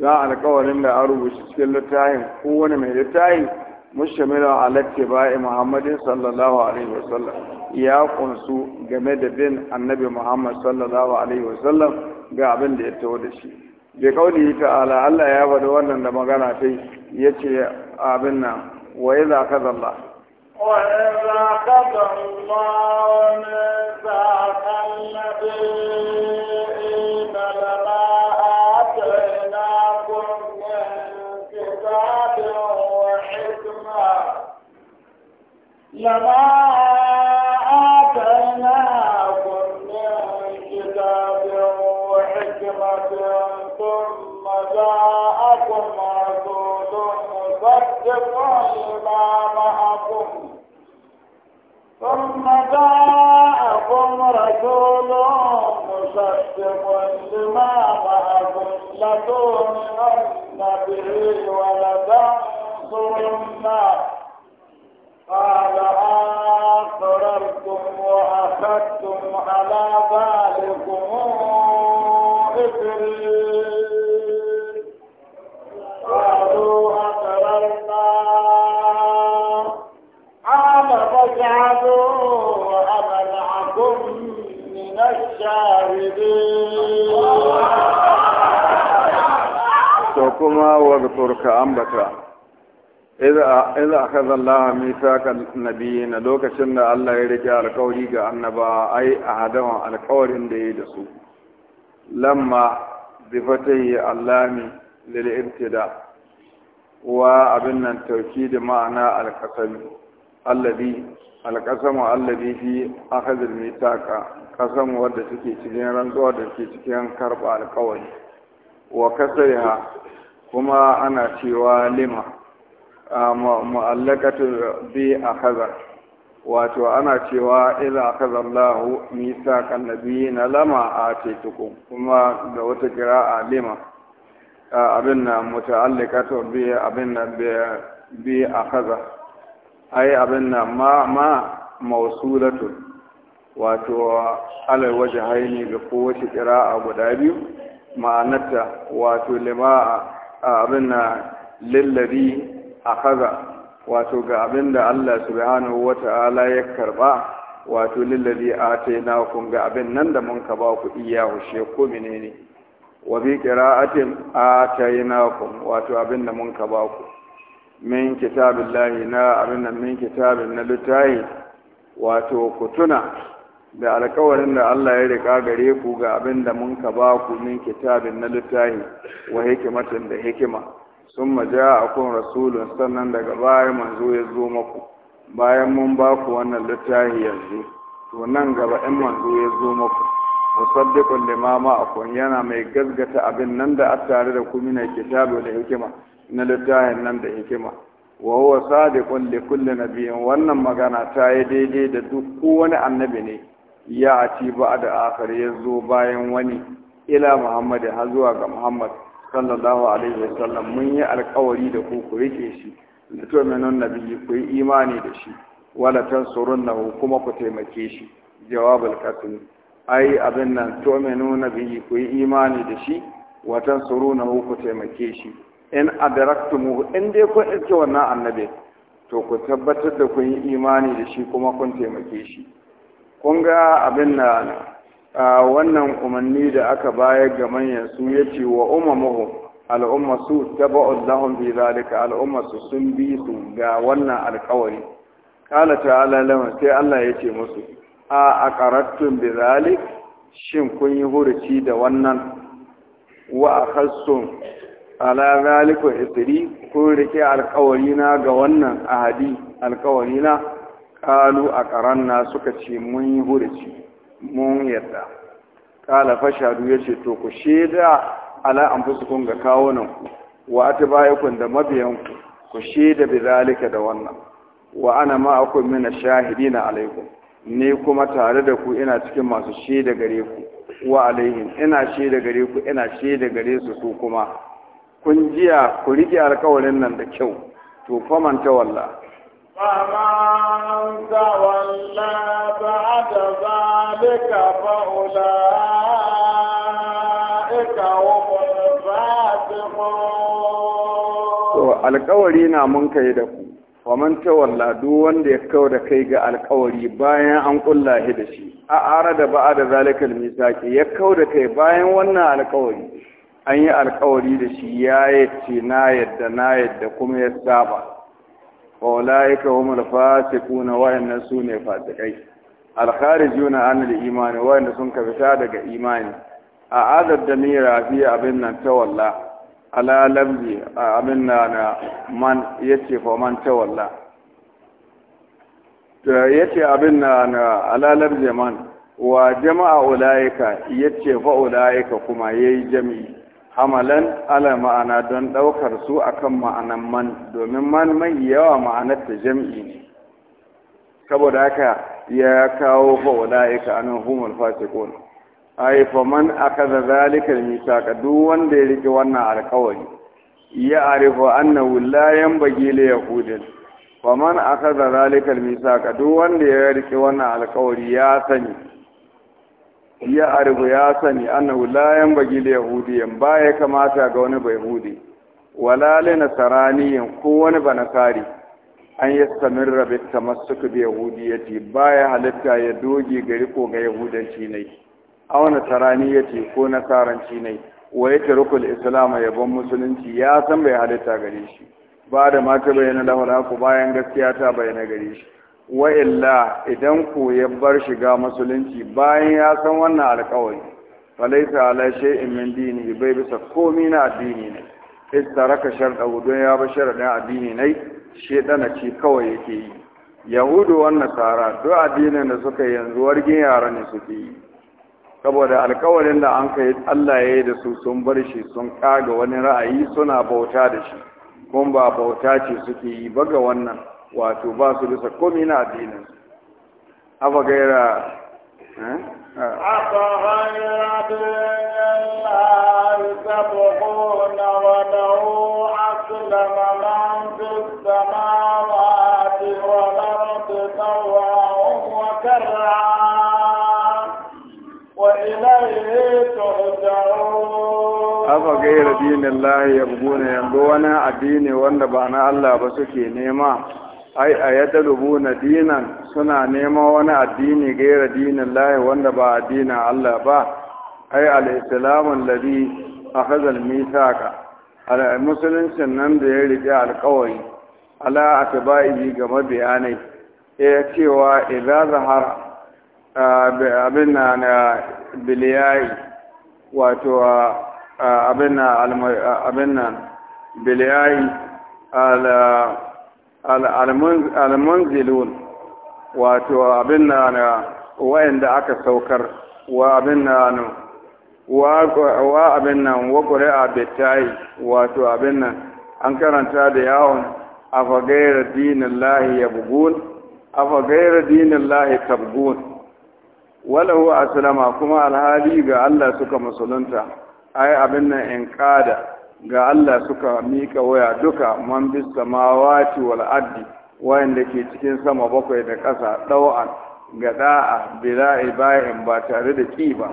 da alƙawarin da an rubuta cikin littafin wani mai littafi mushamila ala tibai muhammadin sallallahu alaihi wasallam ya kunsu game da bin annabi muhammad sallallahu alaihi wasallam ga abin da ya tawo da shi bi kauli ta'ala Allah ya faɗi wannan da magana ta yi, ya yace abin nan wa idza kadalla wa idza kadalla wa ma لما آتيناكم من كتاب وحكمة ثم جاءكم رسول مصدق لما معكم ثم جاءكم رسول مصدق لما معكم لتؤمنن به ولتنصرنه قال آخررتم وأخذتم على ذلكم إثري قالوا أقررنا قال فاجعلوا أنا معكم من الشاهدين. وكما kuma wa ka iza akhadha Allah mithaqan nabiyina lokacin da Allah ya rage alƙawari ga annaba ai ahadawan alƙawarin da yayi da su lamma bifatahi allami lil da. wa abin nan tawkid ma'ana alqasam alladhi alqasam alladhi fi akhadha almithaqa qasam wanda take cikin rantsuwa da take cikin karba alƙawari wa kasariha kuma ana cewa lima mu'allakatu bi akhadha wato ana cewa idza akhadha Allahu mithaqan nabiyina lama atitukum kuma da wata qira'a lima abin nan muta'allikatu bi abin nan bi akhadha ai abin nan ma ma mausulatun wato alal waje haini ga qira'a a guda biyu ma'anarta wato lima abin na lillari haza, wato ga abin da Allah subhanahu wata'ala ya karba wato lillazi atayna kun ga abin nan da mun ka ba ku iya hushe ko menene wa bi qira'atin atayna kun wato abin da mun ka ba ku min kitabillahi na abin nan min kitabin na lutahi wato ku tuna da alkawarin da Allah ya rika gare ku ga abin da mun ka ba ku min kitabin na littahi wa hikimatin da hikima sun maja a kun rasulun sannan daga baya manzo ya zo maku bayan mun ba ku wannan littafi yanzu to nan gaba in manzo ya zo maku musaddiqun lima ma'akum yana mai gazgata abin nan da attare da ku mina kitabu da hikima na littafin nan da hikima wa huwa sadiqun li kulli nabiyyin wannan magana ta yi daidai da duk kowane annabi ne ya ati ba da akhir ya bayan wani ila muhammadin har zuwa ga muhammad sallallahu alaihi wasallam mun yi alkawari da ku ku rike shi da to menon nabi ku yi imani da shi wala tansurunnahu kuma ku taimake shi jawabul qasim ai abin nan to menon nabi ku yi imani da shi wa tansurunahu ku taimake shi in adraktumu in dai kun ce wannan annabi to ku tabbatar da kun yi imani da shi kuma kun taimake shi kun ga abin nan A wannan umarni da aka bayar ga manyan su ya ce wa umamuhu al'umma su taba'ud lahum bi zalika al'umma su sun bi su ga wannan alƙawari qala ta'ala lahum sai Allah ya ce musu a aqarattum bi zalik shin kun yi hurci da wannan wa akhassum ala zalika isri kun rike alƙawari na ga wannan ahadi alƙawari na qalu aqaranna suka ce mun yi huruci mun yarda kala fashadu ya ce to ku shaida ala an fuskun ga nan ku wa kun da mabiyanku ku shaida bi zalika da wannan wa ana ma min mina shahidina alaikum ni kuma tare da ku ina cikin masu shaida gare ku wa alaihim ina shaida gare ku ina shaida gare su su kuma kun jiya ku rike alƙawarin nan da kyau to faman ta wallahi فمن تولى بعد ذلك فأولئك هم الفاسقون alƙawari na mun kai da ku faman walla duk wanda ya kawo da kai ga alƙawari bayan an kulla shi da shi a ara da ba'a da zalikal misaki ya kawo da kai bayan wannan alƙawari. an yi alƙawari da shi ya yace na yadda na kuma ya saba wa ulaika humul fasiquna wa inna sune fasikai al kharijuna an al iman wa inna sun ka fita daga imani a adad da mira fi abin nan tawalla ala lamzi abin nan man yace fa man tawalla to yace abin nan ala lamzi man wa jama'a ulaika yace fa ulaika kuma yayi jami'i hamalan ala ma'ana don ɗaukar su akan ma'anan man domin man mai yawa ma'anar ta jam'i ne saboda haka ya kawo wala'ika anan humul fasiqun ai fa man akaza zalika mithaqa duk wanda ya rike wannan alƙawari ya arifa anna la yanbaghi li yahudin fa man akaza zalika mithaqa duk wanda ya rike wannan alƙawari ya sani ya arihu ya sani annahu la yanbaghi li yahudiyan ba ya kamata ga wani bai yahudi wala li nasaraniyin ko wani banasari an yastamirra bi tamassuk bi yahudiyyati ba ya halitta ya doge gari ko ga yahudanci ne aw nasaraniyati ko nasaranci ne wa ya tarukul islam ya ban musulunci ya san bai halitta gare shi ba da ma ta bayyana lahu bayan gaskiya ta bayyana gare shi wa'illa idan ku ya bar shiga musulunci bayan ya san wannan alkawari falaita ala shay'in min dini bai bisa komi na addini ne istaraka sharɗa don ya bar sharaɗin addini ne ɗana ce kawai yake yi yahudu wannan nasara duk addinin da suka yanzu wargin yara ne suke yi saboda alkawarin da an kai Allah ya yi da su sun bar shi sun kaga wani ra'ayi suna bauta da shi kuma ba bauta ce suke yi ba ga wannan wato ba su bisa komi na addinin afa gaira eh? afa ah. gaira dinin lahari sabukuna wa dahu aslama man fi samawati wal ardi tawwan wa karra wa ilayhi afa gaira dinin lahi yabguna yanzu wani addini wanda ba na Allah ba suke nema ai a rubuna dinan suna neman wani addini gaira dinin lahi wanda ba addinin Allah ba ai al-islamun ladhi akhadha al-mithaqa ala muslimin nan da ya rike alƙawari ala atba'i ga mabiyanai eh cewa idza zahar abin na biliyai wato abinna biliyai ala almunzilun wato abin na na wayanda aka saukar wa abin na wa abin nan wa ƙuri'a bitai, wato abin nan an karanta da yawon afa gaira dinin lahi ya bugun afa gaira dinin lahi tabgun walahu aslama kuma alhali ga Allah suka musulunta ai abin nan in kada ga Allah suka mika waya duka man bis samawati wal ardi wayanda ke cikin sama bakwai da ƙasa ɗau'an ga da'a bila ibahin ba tare da ƙi ba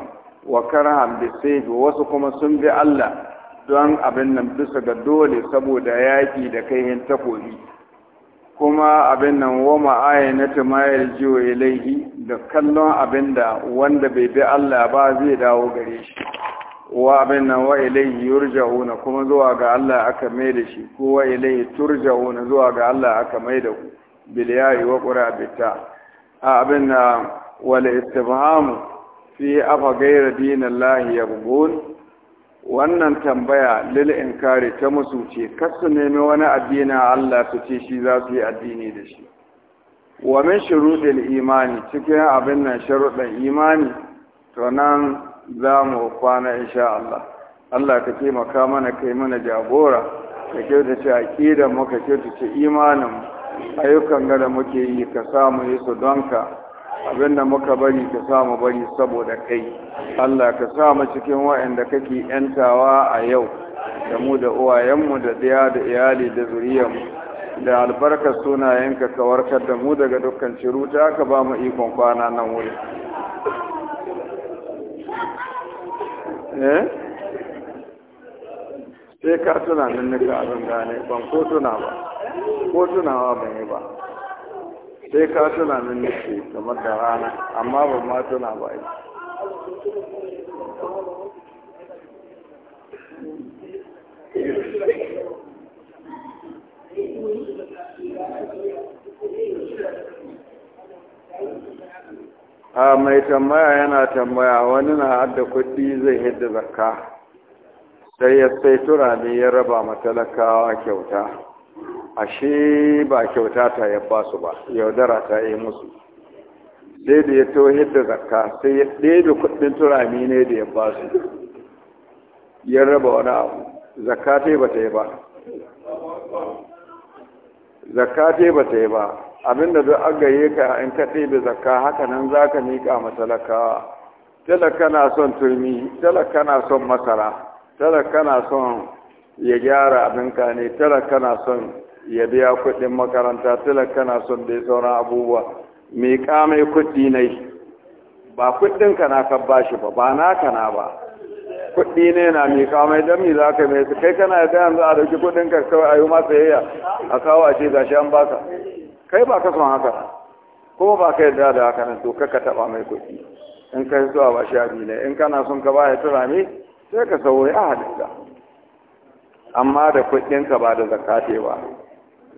wa karhan bi sayfi wasu kuma sun bi Allah don abin nan bisa ga dole saboda yaki da kaihin takobi kuma abin nan wa ma'ayanatu ma yarjiu ilaihi da kallon abin da wanda bai bi Allah ba zai dawo gare shi wa abin nan wa ilaihi yurja'una kuma zuwa ga Allah aka mai da shi ko wa ilaihi turja'una zuwa ga Allah aka mai da ku bil yayi wa qurabita abin nan wal istifham fi afa ghayra dinillahi yabghun wannan tambaya lil inkari ta musu ce kasu nemi wani addinin Allah su ce shi za su yi addini da shi wa min shuruɗil imani cikin abin nan sharuɗin imani to nan za mu kwana insha Allah Allah ka taimaka mana kai mana jagora ka kyautace aqidan mu ka kyautace imanin mu ayyukan da muke yi ka samu yi su don ka abinda muka bari ka mu bari saboda kai Allah ka sa mu cikin wa'anda kake yantawa a yau da mu da mu da ɗaya da iyali da mu da albarkar sunayenka ka warkar da mu daga dukkan ciruta ka ba mu ikon kwana nan wuri eh sai ka tuna nan nika abin gane ban ko tuna ba ko tunawa ban yi ba sai ka tuna nan kamar da rana amma ban ma tuna ba yi Thank you. a mai tambaya yana tambaya wani na adda kudi zai hidda zakka sai ya sai ne ya raba matalakawa kyauta ashe ba kyauta ta ya ba su ba yaudara ta yi musu sai da ya to hidda zakka sai ya ɗebe kudin turami ne da ya ba su ya raba wani abu zakka ta ba ta yi ba zakka ta ba ta yi ba abinda duk agaye ka in ka ɗebe zakka haka nan za ka miƙa ma talakawa talak kana son turmi talak kana son masara talak kana son ya gyara abinka ne talak kana son ya biya kuɗin makaranta talak kana son dai sauran abubuwa miƙa mai kuɗi ne ba ka na ka bashi ba ba naka na ba kuɗi ne na miƙa mai dami za ka mai kai kana yanzu a ɗauki kuɗinka kawai a yi matsayayya a kawo a ce gashi an baka kai ba ka son haka ko ba ka yarda da haka nan to ka ka taba mai kuɗi in ka yi zuwa ba shi abi ne in kana son ka baya tura ne sai ka saurayi a halinka amma da kuɗin ka ba da zakate ba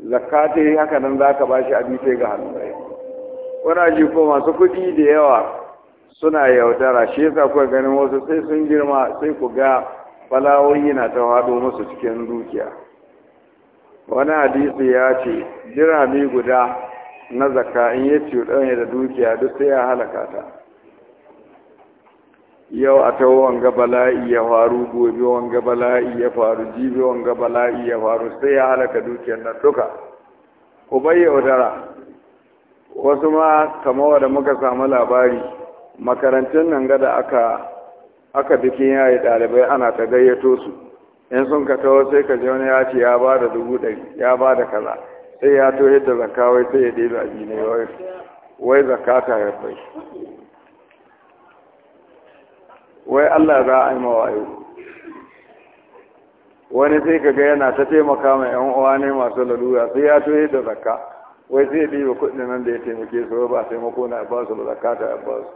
zakate haka nan za ka ba shi abi sai ga hannu ɗaya wani ko masu kuɗi da yawa suna yaudara shi yasa kuka ganin wasu sai sun girma sai ku ga balawoyi na ta faɗo musu cikin dukiya wani hadisi ya ce dirami guda na zaka in ya cuɗanya da dukiya duk sai ya halaka ta yau a ta wanga bala'i ya faru gobe wanga bala'i ya faru jibi wanga bala'i ya faru sai ya halaka dukiyar nan duka ku bayyana wasu ma wa da muka samu labari makarantun nan gada aka aka bikin yayi ɗalibai ana ta gayyato su in sun ka taho sai ka ji wani ya ce ya ba da dubu ɗari ya ba da kaza sai ya to yadda zakka wai sai ya ɗebe abi ne wai zakka ta ya bai wai Allah za a yi mawayo wani sai ka ga yana ta taimaka ma yan uwa ne masu lalura sai ya to yadda zakka wai sai ya ɗebe kuɗin nan da ya taimake su ba taimako na ba su ba zakka ta ya ba su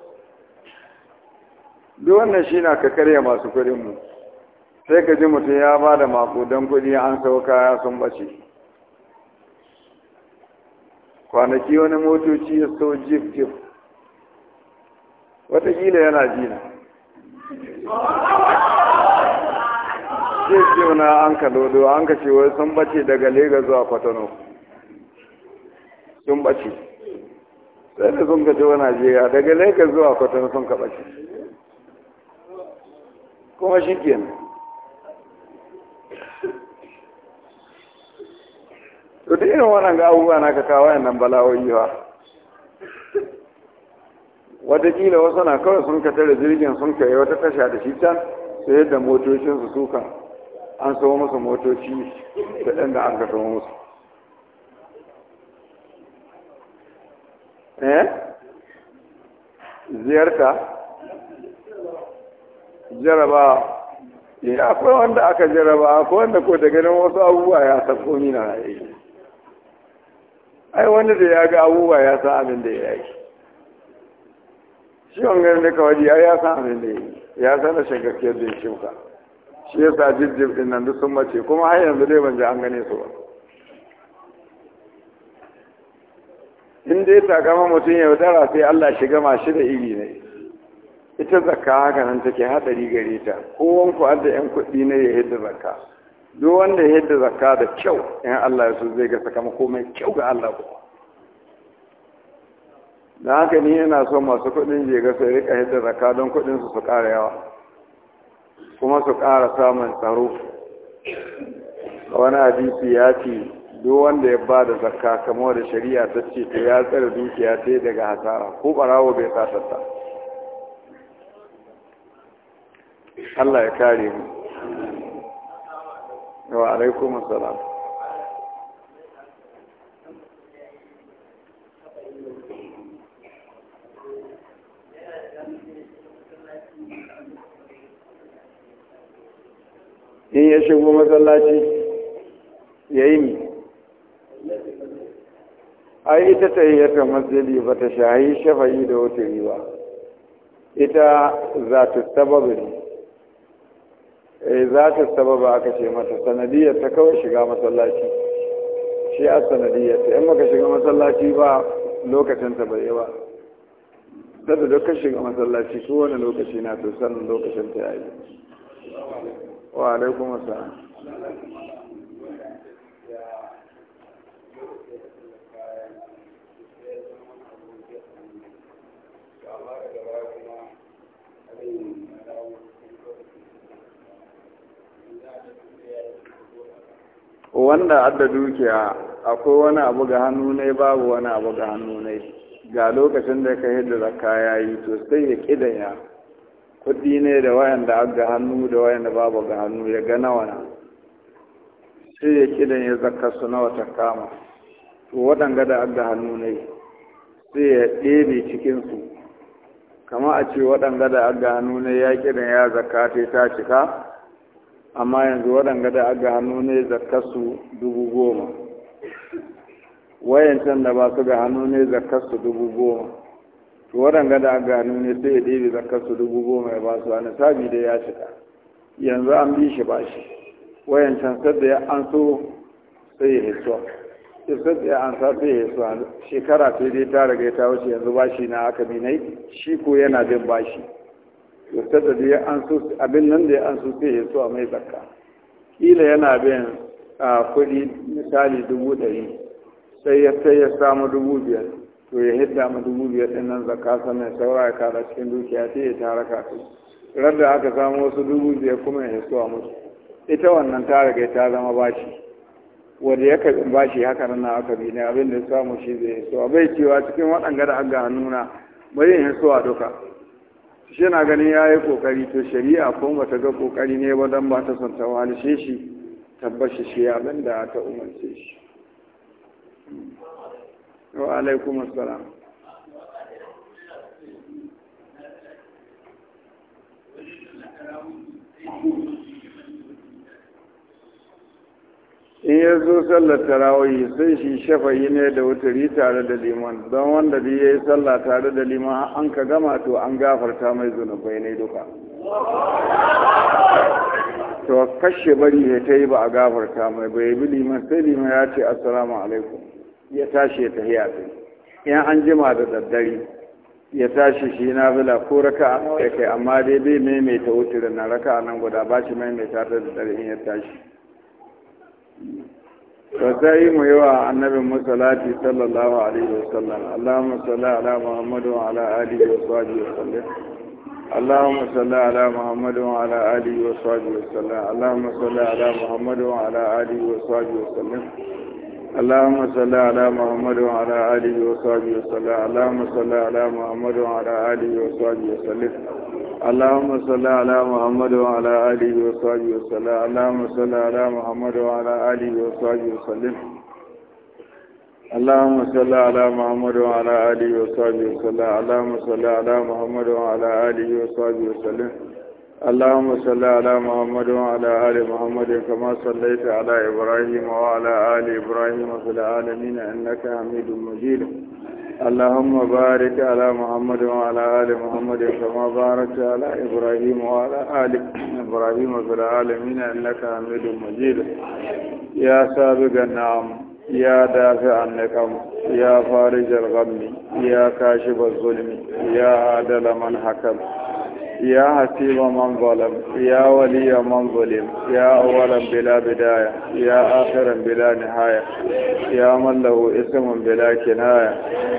duk wannan shi na ka karya masu kuɗin mu sai ka ji mutum ya ba da makudan kuɗi an sau kaya sun bace kwanaki wani motoci ya sau jif jif watakila yana jina jif jif na an ka dodo an ka cewa sun bace daga lega zuwa kwatano sun bace sai da sun ka cewa najeriya daga lega zuwa kwatano sun ka bace kuma shi kenan to da irin wannan ga abubuwa na ka kawo nan bala'o'i ba watakila wasu na kawai sun ka tare jirgin sun yi wata tasha da shi sai da motocin su suka an samu musu motoci da ɗan da an ka samu musu eh ziyarta jaraba eh, akwai wanda aka jaraba akwai wanda ko da ganin wasu abubuwa ya sabo ni na yi ai wani da ya ga abubuwa ya san abin da ya yi shi wanga da kawai ya ya san abin da ya yi ya san da shagakke da shimka shi ya sa jirgin din nan duk sun mace kuma har yanzu dai ban ji an gane su ba in dai takama mutum ya dara sai Allah shiga mashi da iri ne ita zakka haka nan take hadari gare ta kowanku adda yan kuɗi ne ya hidda zakka duk wanda ya yadda zakka da kyau in Allah ya so zai ga sakamako mai kyau ga Allah ko da haka ni yana so masu kuɗin jega su rika yadda zakka don kuɗin su su ƙara yawa kuma su ƙara samun tsaro wani hadisi ya ce duk wanda ya ba da zakka kamar da shari'a ta ce ta ya tsare dukiya ta daga hasara ko barawo bai satarta Allah ya kare mu wa alaikum assalam in ya shigo masallaci ya yi mi ai ita ta yi yata masjidi ba ta shahi shafayi da wuturi ba ita za ta sababin Eh, za ta ba aka ce mata sanadiyar ta kawai shiga masallaci shi a sanadiyar ta yamma ka shiga masallaci ba lokacin ta bai ba sada da dukkan shiga masallaci su wani lokaci na to sannan lokacin ta yayi wa alaikum assalam wanda adda dukiya akwai wani abu ga hannu ne babu wani abu ga hannu ne ga lokacin da ka hidda zakka ya yi to sai ya kidaya kudi ne da wayanda da ga hannu da wayanda babu ga hannu ya gana nawa na sai ya kidaya zakka su nawa ta kama to waɗanga da adda ga hannu ne sai ya ɗebe cikinsu kama a ce waɗanga da adda ga hannu ne ya kidaya zakka ta cika amma yanzu waɗanga da aga hannu ne zakarsu dubu goma wayancan da ba su ga hannu ne zakarsu dubu goma to waɗanga da aga hannu ne sai ya ɗebe zakarsu dubu goma ya ba su a nisabi da ya shiga yanzu an bi shi ba shi wayancan da ya an so sai ya sai da ya an sa sai ya hito shekara sai dai ta riga ta wuce yanzu ba shi na aka bi nai shi ko yana bin shi. yadda da ya an so abin nan da ya an so sai ya so a mai zakka kila yana bin kuɗi misali dubu ɗari sai ya sai ya samu dubu biyar to ya hidda mu dubu biyar ɗin nan zakka sannan saura ya kara cikin dukiya sai ya tara rar radda aka samu wasu dubu biyar kuma ya so a musu ita wannan ta riga ta zama bashi wanda ya karɓi bashi haka nan aka bi ne abin da ya samu shi zai so bai cewa cikin waɗanga da aga hannuna bari in so a duka shi na ganin ya yi kokari to shari'a ko ba ta ga kokari ne ba don ba ta son ta walishe shi tabbashi shi abin da ta umarce shi wa Thank you. in ya zo sallar tarawih sai shi shafayi ne da wuturi tare da liman don wanda bi ya yi sallah tare da liman an ka gama to an gafarta mai zunubai ne duka to kashe bari ya ta yi ba a gafarta mai bai bi liman sai liman ya ce assalamu alaikum ya tashi ya tafi a in an jima da daddare ya tashi shi na bila ko raka ya kai amma dai bai maimaita wuturin na raka nan guda ba shi maimaita ta da daddare in ya tashi فسأي ميوى mu yi صلى الله عليه وسلم اللهم wasallam على محمد وعلى آله وصحبه وسلم اللهم صل على محمد وعلى اله وصحبه وسلم اللهم صل على محمد وعلى اله وصحبه وسلم اللهم صل على محمد وعلى اله وصحبه وسلم اللهم صل على محمد وعلى اله وصحبه وسلم اللهم صل على محمد وعلى اله وصحبه وسلم اللهم صل على محمد وعلى اله وصحبه وسلم اللهم صل على محمد وعلى اله وصحبه وسلم اللهم صل على محمد وعلى اله وصحبه وسلم اللهم صل على محمد وعلى آل محمد كما صليت على ابراهيم وعلى آل ابراهيم في العالمين انك حميد مجيد اللهم بارك على محمد وعلى آل محمد كما باركت على إبراهيم وعلى آل إبراهيم في العالمين إنك حميد مجيد يا سابق النعم يا دافع النقم يا فارج الغم يا كاشف الظلم يا عادل من حكم يا حسيب من ظلم يا ولي من ظلم يا أولا بلا بداية يا آخرا بلا نهاية يا من له اسم بلا كناية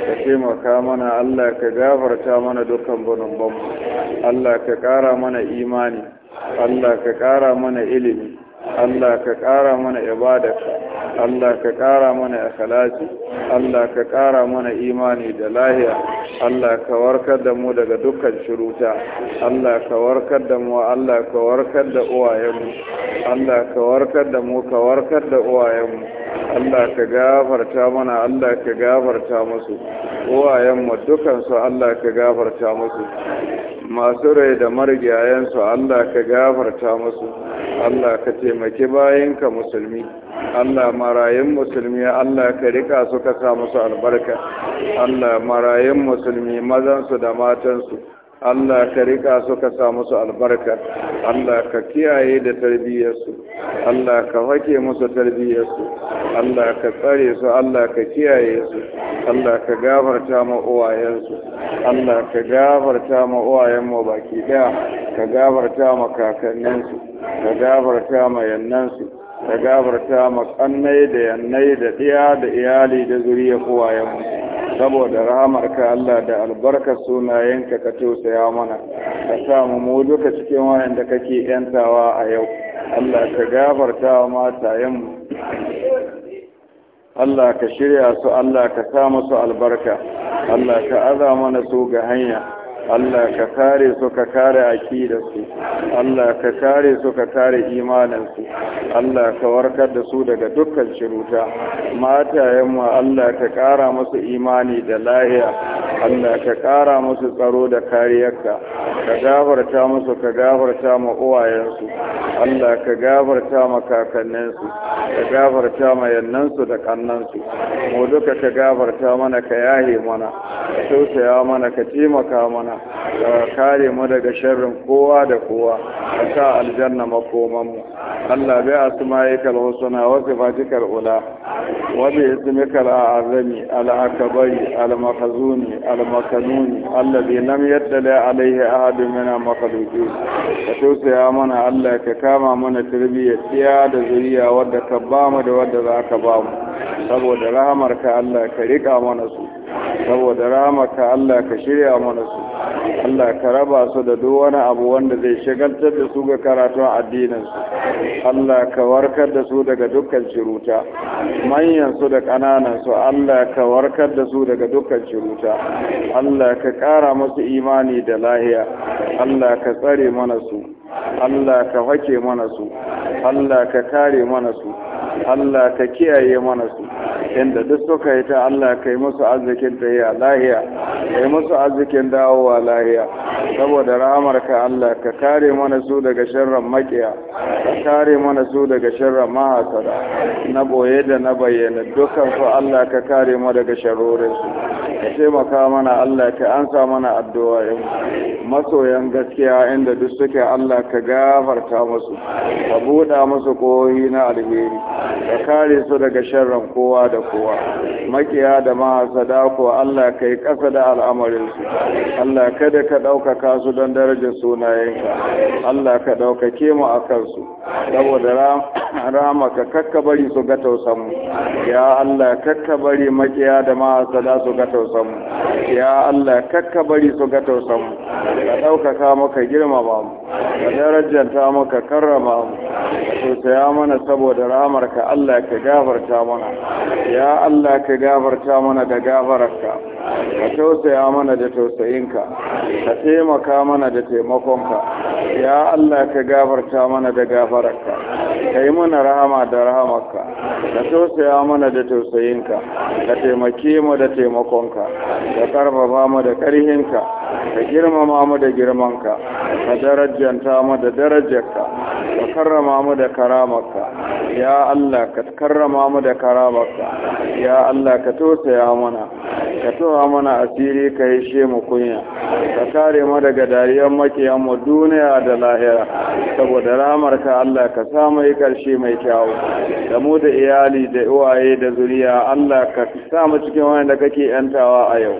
كثيما كامنا الله كغافر تامنا دكا بنبم الله كقارا من إيماني الله كقارا من إلمي Allah ka ƙara mana ibadarka Allah ka ƙara mana ikhlasi Allah ka ƙara mana imani da lahiya Allah ka warkar da mu daga dukkan shiruta Allah ka warkar da mu Allah ka warkar da uwayenmu Allah ka warkar da mu ka warkar da uwayenmu Allah ka gafarta mana Allah ka gafarta musu uwayenmu dukansu Allah ka gafarta musu masu rai da marigayensu Allah ka gafarta musu Allah ka taimaki ka musulmi Allah marayun musulmi Allah ka rika su ka sa musu albarka Allah marayun musulmi mazansu da matansu Allah ka rika su ka sa musu albarka Allah ka kiyaye da tarbiyyarsu Allah ka wake musu tarbiyyarsu Allah ka tsare su Allah ka kiyaye su Allah ka gafarta ma uwayensu Allah ka gafarta ma uwayen mu baki daya ka gafarta ma kakanninsu ka gafarta ma yannansu da gabarta makannai da yannai da ɗiya da iyali da zuriya kowayenmu saboda ka Allah da albarkar sunayenka ka tausaya mana ka samu mu duka cikin wayanda kake yantawa a yau Allah ka gabarta matayenmu Allah ka shirya su Allah ka sa musu albarka Allah ka aza mana su ga hanya Allah ka kare su ka kare su. Allah ka kare su ka kare imaninsu Allah ka warkar da su daga dukkan shiruta matayen mu Allah ka kara musu imani da lahiya Allah ka kara musu tsaro da kariyarka ka gafarta musu ka gafarta ma uwayensu Allah ka gafarta ma kakanninsu ka gafarta ma yannansu da kannansu mu duka ka gafarta mana ka yahe mana ka tausaya mana ka taimaka mana aljanna ka kare mu daga sharrin kowa da kowa ka sa aljanna makoman mu Allah bai asma'ika al-husna wa sifatika al-ula wa bi ismika azami al-akbari al al-makanuni alladhi lam yaddali alayhi ahad min al-makhluqin ka tausaya mana Allah ka kama mana tarbiyyar tsiya da zuriya wadda ka ba mu da wadda za ka ba mu saboda rahamarka Allah ka rika mana su saboda ramaka Allah ka shirya mana su Allah ka raba su da duk wani abu wanda zai shagaltar da su ga karatun addinin su Allah ka warkar da su daga dukkan ciruta manyan su da ƙananan su Allah ka warkar da su daga dukkan ciruta Allah ka ƙara musu imani da lahiya Allah ka tsare mana su Allah ka hake mana su Allah ka kare mana su Allah ka kiyaye mana su inda duk suka yi ta Allah ka yi musu arzikin ta a lahiya ka yi musu arzikin dawowa lahiya saboda rahamar ka Allah ka kare mana su daga sharran makiya ka kare mana su daga sharran mahasara na boye da na bayyana dukkan su Allah ka kare mu daga sharorin su ka taimaka mana Allah ka ansa mana addu'a masoyan gaskiya inda duk suke Allah ka gafarta masu ka buɗa masu kohi na alheri ka kare su daga sharran kowa da kowa makiya da mahasada ko Allah ka yi ƙasa da al'amarin su Allah kada ka ɗaukaka su don darajar sunayenka Allah ka ɗaukake mu a kansu saboda rama ka kakka bari su ga ya Allah kakka bari makiya da mahasada su ga tausan ya Allah kakka bari su ga tausan mu ka ɗaukaka maka girmama mu ka darajanta maka karrama mu tausaya mana saboda ramarka Allah ka gafarta mana ya Allah ka gafarta mana da gafararka ka tausaya mana da tausayinka ka taimaka mana da taimakonka ya Allah ka gafarta mana da gafararka ka yi mana rahama da rahamarka ka tausaya mana da tausayinka ka taimake mu da taimakonka ka karfafa mu da karhinka ka girmama mu da girmanka ka darajanta mu da darajarka ka karrama mu da karamarka ya Allah ka karrama mu da karabarka ya Allah ka tosaya mana ka towa mana asiri ka yi she mu kunya ka kare mu daga dariyar makiyan mu duniya da lahira saboda ramar ka Allah ka samu yi karshe mai kyau da mu da iyali da uwaye da zuriya Allah ka sa mu cikin wanda kake yantawa a yau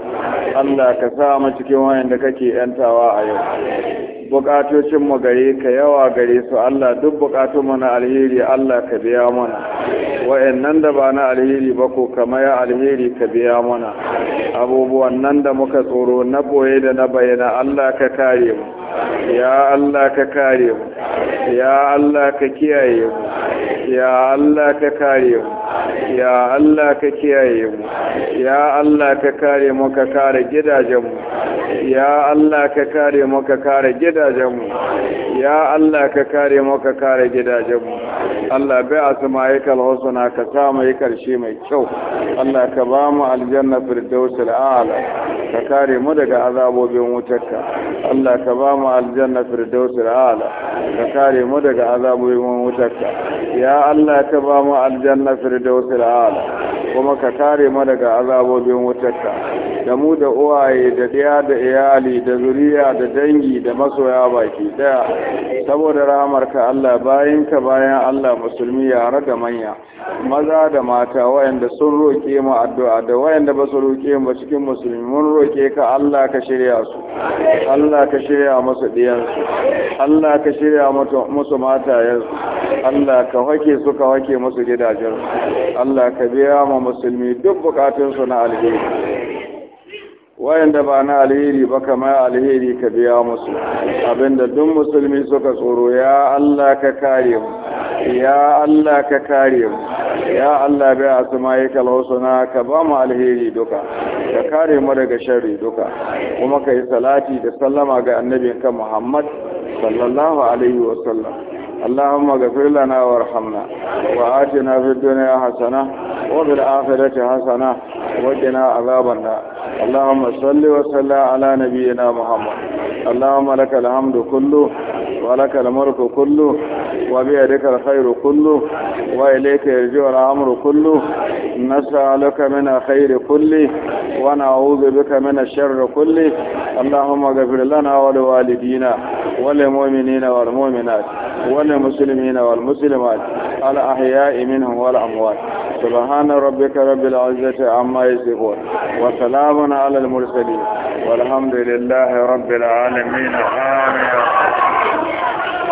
Allah ka sa kake yantawa a yau bukatocin mu gare ka yawa gare su Allah duk bukatun na alheri Allah ka biya mana wayannan da ba na alheri ba ko kama ya alheri ka biya mana abubuwan nan da muka tsoro na boye da na bayyana Allah ka kare mu ya Allah ka kare mu ya Allah ka kiyaye mu ya Allah ka kare mu ya Allah ka kiyaye mu ya Allah ka kare mu ka kare gidajen mu ya Allah ka kare mu ka kare gidajen mu ya Allah ka kare mu ka kare gidajen mu Allah bai asma'ikal husna ka sa mu karshe mai kyau Allah ka ba mu aljanna firdausul a'la ka kare mu daga azabobin wutarka Allah ka ba mu ma aljanna firdausul a'la ka kare mu daga azabobin wutarka ya Allah ka ba mu aljanna firdausul a'la kuma ka kare mu daga azabobin wutarka da mu da uwaye da ɗaya da iyali da zuriya da dangi da masoya baki daya saboda rahamarka Allah ka bayan Allah musulmi ya da manya maza da mata wayanda sun roƙe mu addu'a da wayanda ba su roƙe mu cikin musulmi mun roƙe ka Allah ka shirya su Allah ka shirya musu su, Allah ka shirya musu su, Allah ka hake su ka hake musu su, Allah ka biya mu musulmi duk bukatunsu na alheri wayanda ba na alheri ba kama alheri ka biya musu abinda duk musulmi suka tsoro ya Allah ka kare mu ya Allah ka kare mu ya Allah bai asma'ika alhusna ka ba mu alheri duka ka kare mu daga sharri duka kuma kai salati da sallama ga annabinka Muhammad sallallahu alaihi wasallam اللهم اغفر لنا وارحمنا وآتنا في الدنيا حسنة وفي الآخرة حسنة وقنا عذاب النار اللهم صل وسلم على نبينا محمد اللهم لك الحمد كله ولك الملك كله وبيدك الخير كله وإليك يرجع الأمر كله نسألك من الخير كله ونعوذ بك من الشر كله اللهم اغفر لنا ولوالدينا وللمؤمنين والمؤمنات ول المسلمين والمسلمات الأحياء منهم والأموات سبحان ربك رب العزة عما يصفون وسلام على المرسلين والحمد لله رب العالمين آمين